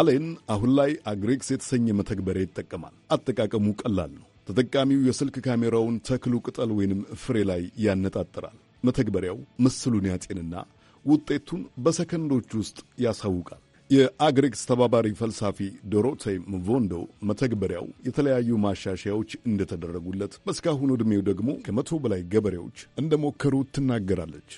አሌን አሁን ላይ አግሬክስ የተሰኘ መተግበሪያ ይጠቀማል። አጠቃቀሙ ቀላል ነው። ተጠቃሚው የስልክ ካሜራውን ተክሉ ቅጠል ወይንም ፍሬ ላይ ያነጣጥራል። መተግበሪያው ምስሉን ያጤንና ውጤቱን በሰከንዶች ውስጥ ያሳውቃል። የአግሪክ ተባባሪ ፈልሳፊ ዶሮቴ ምቮንዶ መተግበሪያው የተለያዩ ማሻሻያዎች እንደተደረጉለት በእስካሁኑ ዕድሜው ደግሞ ከመቶ በላይ ገበሬዎች እንደሞከሩ ትናገራለች።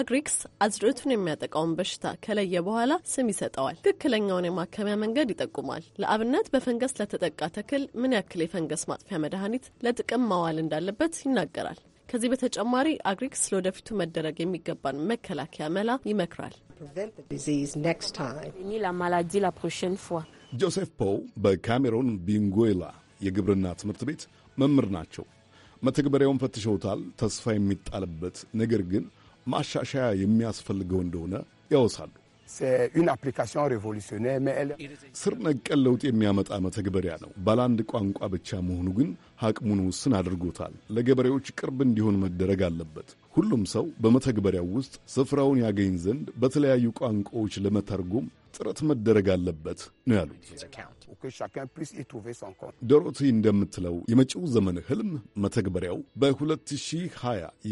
አግሪክስ አዝርዕቱን የሚያጠቃውን በሽታ ከለየ በኋላ ስም ይሰጠዋል። ትክክለኛውን የማከሚያ መንገድ ይጠቁማል። ለአብነት በፈንገስ ለተጠቃ ተክል ምን ያክል የፈንገስ ማጥፊያ መድኃኒት ለጥቅም ማዋል እንዳለበት ይናገራል። ከዚህ በተጨማሪ አግሪክስ ለወደፊቱ መደረግ የሚገባን መከላከያ መላ ይመክራል። ጆሴፍ ፖው በካሜሮን ቢንጎላ የግብርና ትምህርት ቤት መምህር ናቸው። መተግበሪያውን ፈትሸውታል። ተስፋ የሚጣልበት ነገር ግን ማሻሻያ የሚያስፈልገው እንደሆነ ያወሳሉ። ስር ነቀል ለውጥ የሚያመጣ መተግበሪያ ነው። ባለአንድ ቋንቋ ብቻ መሆኑ ግን አቅሙን ውስን አድርጎታል። ለገበሬዎች ቅርብ እንዲሆን መደረግ አለበት። ሁሉም ሰው በመተግበሪያው ውስጥ ስፍራውን ያገኝ ዘንድ በተለያዩ ቋንቋዎች ለመተርጎም ጥረት መደረግ አለበት ነው ያሉት። ዶሮቲ እንደምትለው የመጪው ዘመን ህልም መተግበሪያው በ2020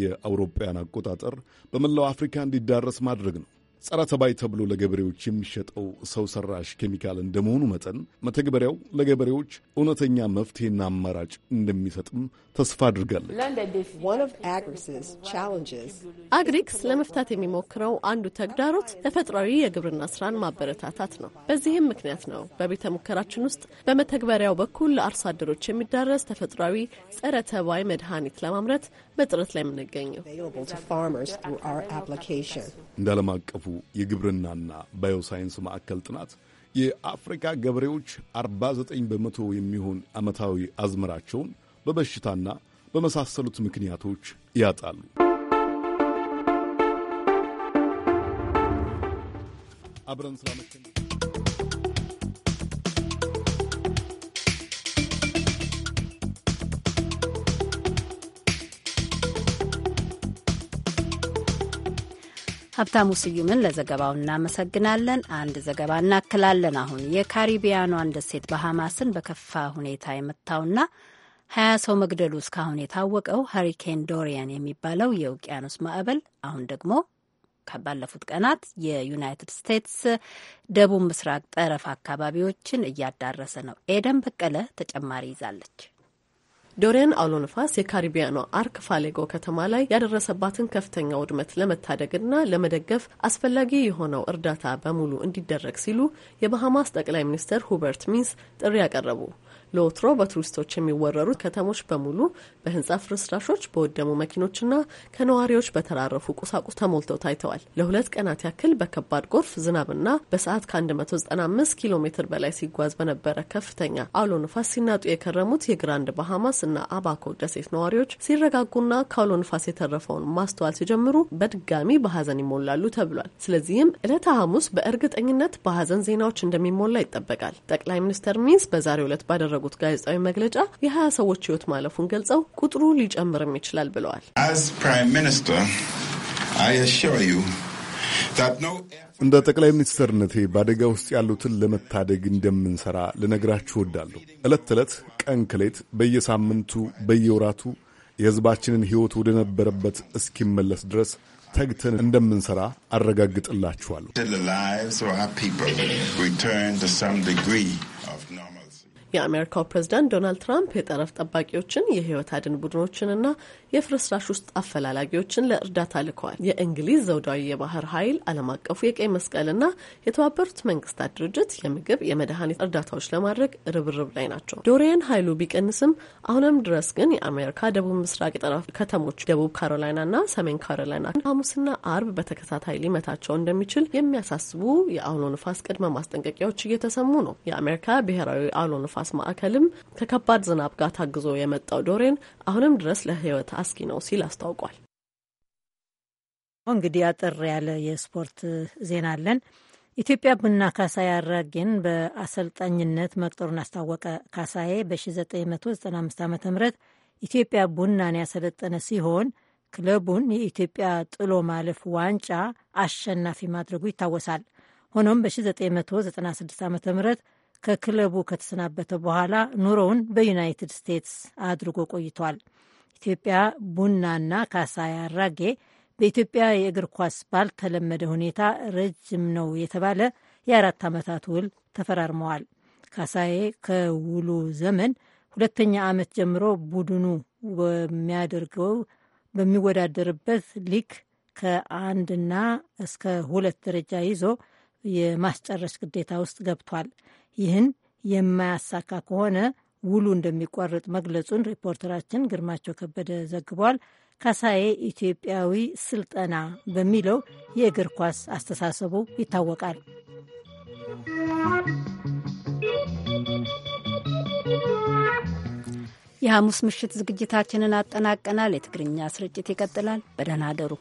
የአውሮፓውያን አቆጣጠር በመላው አፍሪካ እንዲዳረስ ማድረግ ነው። ጸረ ተባይ ተብሎ ለገበሬዎች የሚሸጠው ሰው ሰራሽ ኬሚካል እንደመሆኑ መጠን መተግበሪያው ለገበሬዎች እውነተኛ መፍትሄና አማራጭ እንደሚሰጥም ተስፋ አድርጋለች። አግሪክስ ለመፍታት የሚሞክረው አንዱ ተግዳሮት ተፈጥሯዊ የግብርና ስራን ማበረታታት ነው። በዚህም ምክንያት ነው በቤተ ሙከራችን ውስጥ በመተግበሪያው በኩል ለአርሶ አደሮች የሚዳረስ ተፈጥሯዊ ጸረ ተባይ መድኃኒት ለማምረት በጥረት ላይ የምንገኘው እንደ ዓለም አቀፉ የግብርናና ባዮሳይንስ ማዕከል ጥናት የአፍሪካ ገበሬዎች 49 በመቶ የሚሆን ዓመታዊ አዝመራቸውን በበሽታና በመሳሰሉት ምክንያቶች ያጣሉ። አብረን ስላመቸን ሀብታሙ ስዩምን ለዘገባው እናመሰግናለን። አንድ ዘገባ እናክላለን። አሁን የካሪቢያኗን ደሴት ባሃማስን በከፋ ሁኔታ የመታውና ሀያ ሰው መግደሉ እስካሁን የታወቀው ሀሪኬን ዶሪያን የሚባለው የውቅያኖስ ማዕበል አሁን ደግሞ ባለፉት ቀናት የዩናይትድ ስቴትስ ደቡብ ምስራቅ ጠረፍ አካባቢዎችን እያዳረሰ ነው። ኤደን በቀለ ተጨማሪ ይዛለች። ዶሪያን አውሎ ነፋስ የካሪቢያኗ አርክ ፋሌጎ ከተማ ላይ ያደረሰባትን ከፍተኛ ውድመት ለመታደግና ለመደገፍ አስፈላጊ የሆነው እርዳታ በሙሉ እንዲደረግ ሲሉ የባሃማስ ጠቅላይ ሚኒስትር ሁበርት ሚንስ ጥሪ ያቀረቡ ለወትሮ በቱሪስቶች የሚወረሩት ከተሞች በሙሉ በህንጻ ፍርስራሾች፣ በወደሙ መኪኖችና ከነዋሪዎች በተራረፉ ቁሳቁስ ተሞልተው ታይተዋል። ለሁለት ቀናት ያክል በከባድ ጎርፍ ዝናብና በሰዓት ከ195 ኪሎ ሜትር በላይ ሲጓዝ በነበረ ከፍተኛ አውሎ ንፋስ ሲናጡ የከረሙት የግራንድ ባሃማስ እና አባኮ ደሴት ነዋሪዎች ሲረጋጉና ከአውሎ ንፋስ የተረፈውን ማስተዋል ሲጀምሩ በድጋሚ በሀዘን ይሞላሉ ተብሏል። ስለዚህም ዕለተ ሐሙስ በእርግጠኝነት በሀዘን ዜናዎች እንደሚሞላ ይጠበቃል። ጠቅላይ ሚኒስትር ሚንስ በዛሬው ዕለት ባደረጉ ባደረጉት ጋዜጣዊ መግለጫ የሀያ ሰዎች ህይወት ማለፉን ገልጸው ቁጥሩ ሊጨምርም ይችላል ብለዋል። እንደ ጠቅላይ ሚኒስትርነቴ በአደጋ ውስጥ ያሉትን ለመታደግ እንደምንሰራ ልነግራችሁ እወዳለሁ። ዕለት ተዕለት ቀን ክሌት፣ በየሳምንቱ በየወራቱ የህዝባችንን ህይወት ወደነበረበት እስኪመለስ ድረስ ተግተን እንደምንሰራ አረጋግጥላችኋለሁ። የአሜሪካው ፕሬዝዳንት ዶናልድ ትራምፕ የጠረፍ ጠባቂዎችን የህይወት አድን ቡድኖችንና የፍርስራሽ ውስጥ አፈላላጊዎችን ለእርዳታ ልከዋል። የእንግሊዝ ዘውዳዊ የባህር ኃይል፣ ዓለም አቀፉ የቀይ መስቀልና የተባበሩት መንግስታት ድርጅት የምግብ የመድኃኒት እርዳታዎች ለማድረግ ርብርብ ላይ ናቸው። ዶሪያን ኃይሉ ቢቀንስም አሁንም ድረስ ግን የአሜሪካ ደቡብ ምስራቅ የጠረፍ ከተሞች ደቡብ ካሮላይናና ሰሜን ካሮላይና ሐሙስና አርብ በተከታታይ ሊመታቸው እንደሚችል የሚያሳስቡ የአውሎ ንፋስ ቅድመ ማስጠንቀቂያዎች እየተሰሙ ነው። የአሜሪካ ብሔራዊ አውሎ ንፋስ ማዕከልም ከከባድ ዝናብ ጋር ታግዞ የመጣው ዶሬን አሁንም ድረስ ለህይወት አስጊ ነው ሲል አስታውቋል። እንግዲህ አጠር ያለ የስፖርት ዜና አለን። ኢትዮጵያ ቡና ካሳዬ አራጌን በአሰልጣኝነት መቅጠሩን አስታወቀ። ካሳዬ በ1995 ዓ ም ኢትዮጵያ ቡናን ያሰለጠነ ሲሆን ክለቡን የኢትዮጵያ ጥሎ ማለፍ ዋንጫ አሸናፊ ማድረጉ ይታወሳል። ሆኖም በ1996 ዓ ም ከክለቡ ከተሰናበተ በኋላ ኑሮውን በዩናይትድ ስቴትስ አድርጎ ቆይቷል። ኢትዮጵያ ቡናና ካሳይ አራጌ በኢትዮጵያ የእግር ኳስ ባልተለመደ ሁኔታ ረጅም ነው የተባለ የአራት ዓመታት ውል ተፈራርመዋል። ካሳዬ ከውሉ ዘመን ሁለተኛ ዓመት ጀምሮ ቡድኑ በሚያደርገው በሚወዳደርበት ሊግ ከአንድና እስከ ሁለት ደረጃ ይዞ የማስጨረስ ግዴታ ውስጥ ገብቷል። ይህን የማያሳካ ከሆነ ውሉ እንደሚቋረጥ መግለጹን ሪፖርተራችን ግርማቸው ከበደ ዘግቧል። ካሳዬ ኢትዮጵያዊ ስልጠና በሚለው የእግር ኳስ አስተሳሰቡ ይታወቃል። የሐሙስ ምሽት ዝግጅታችንን አጠናቀናል። የትግርኛ ስርጭት ይቀጥላል። በደህና አደሩ።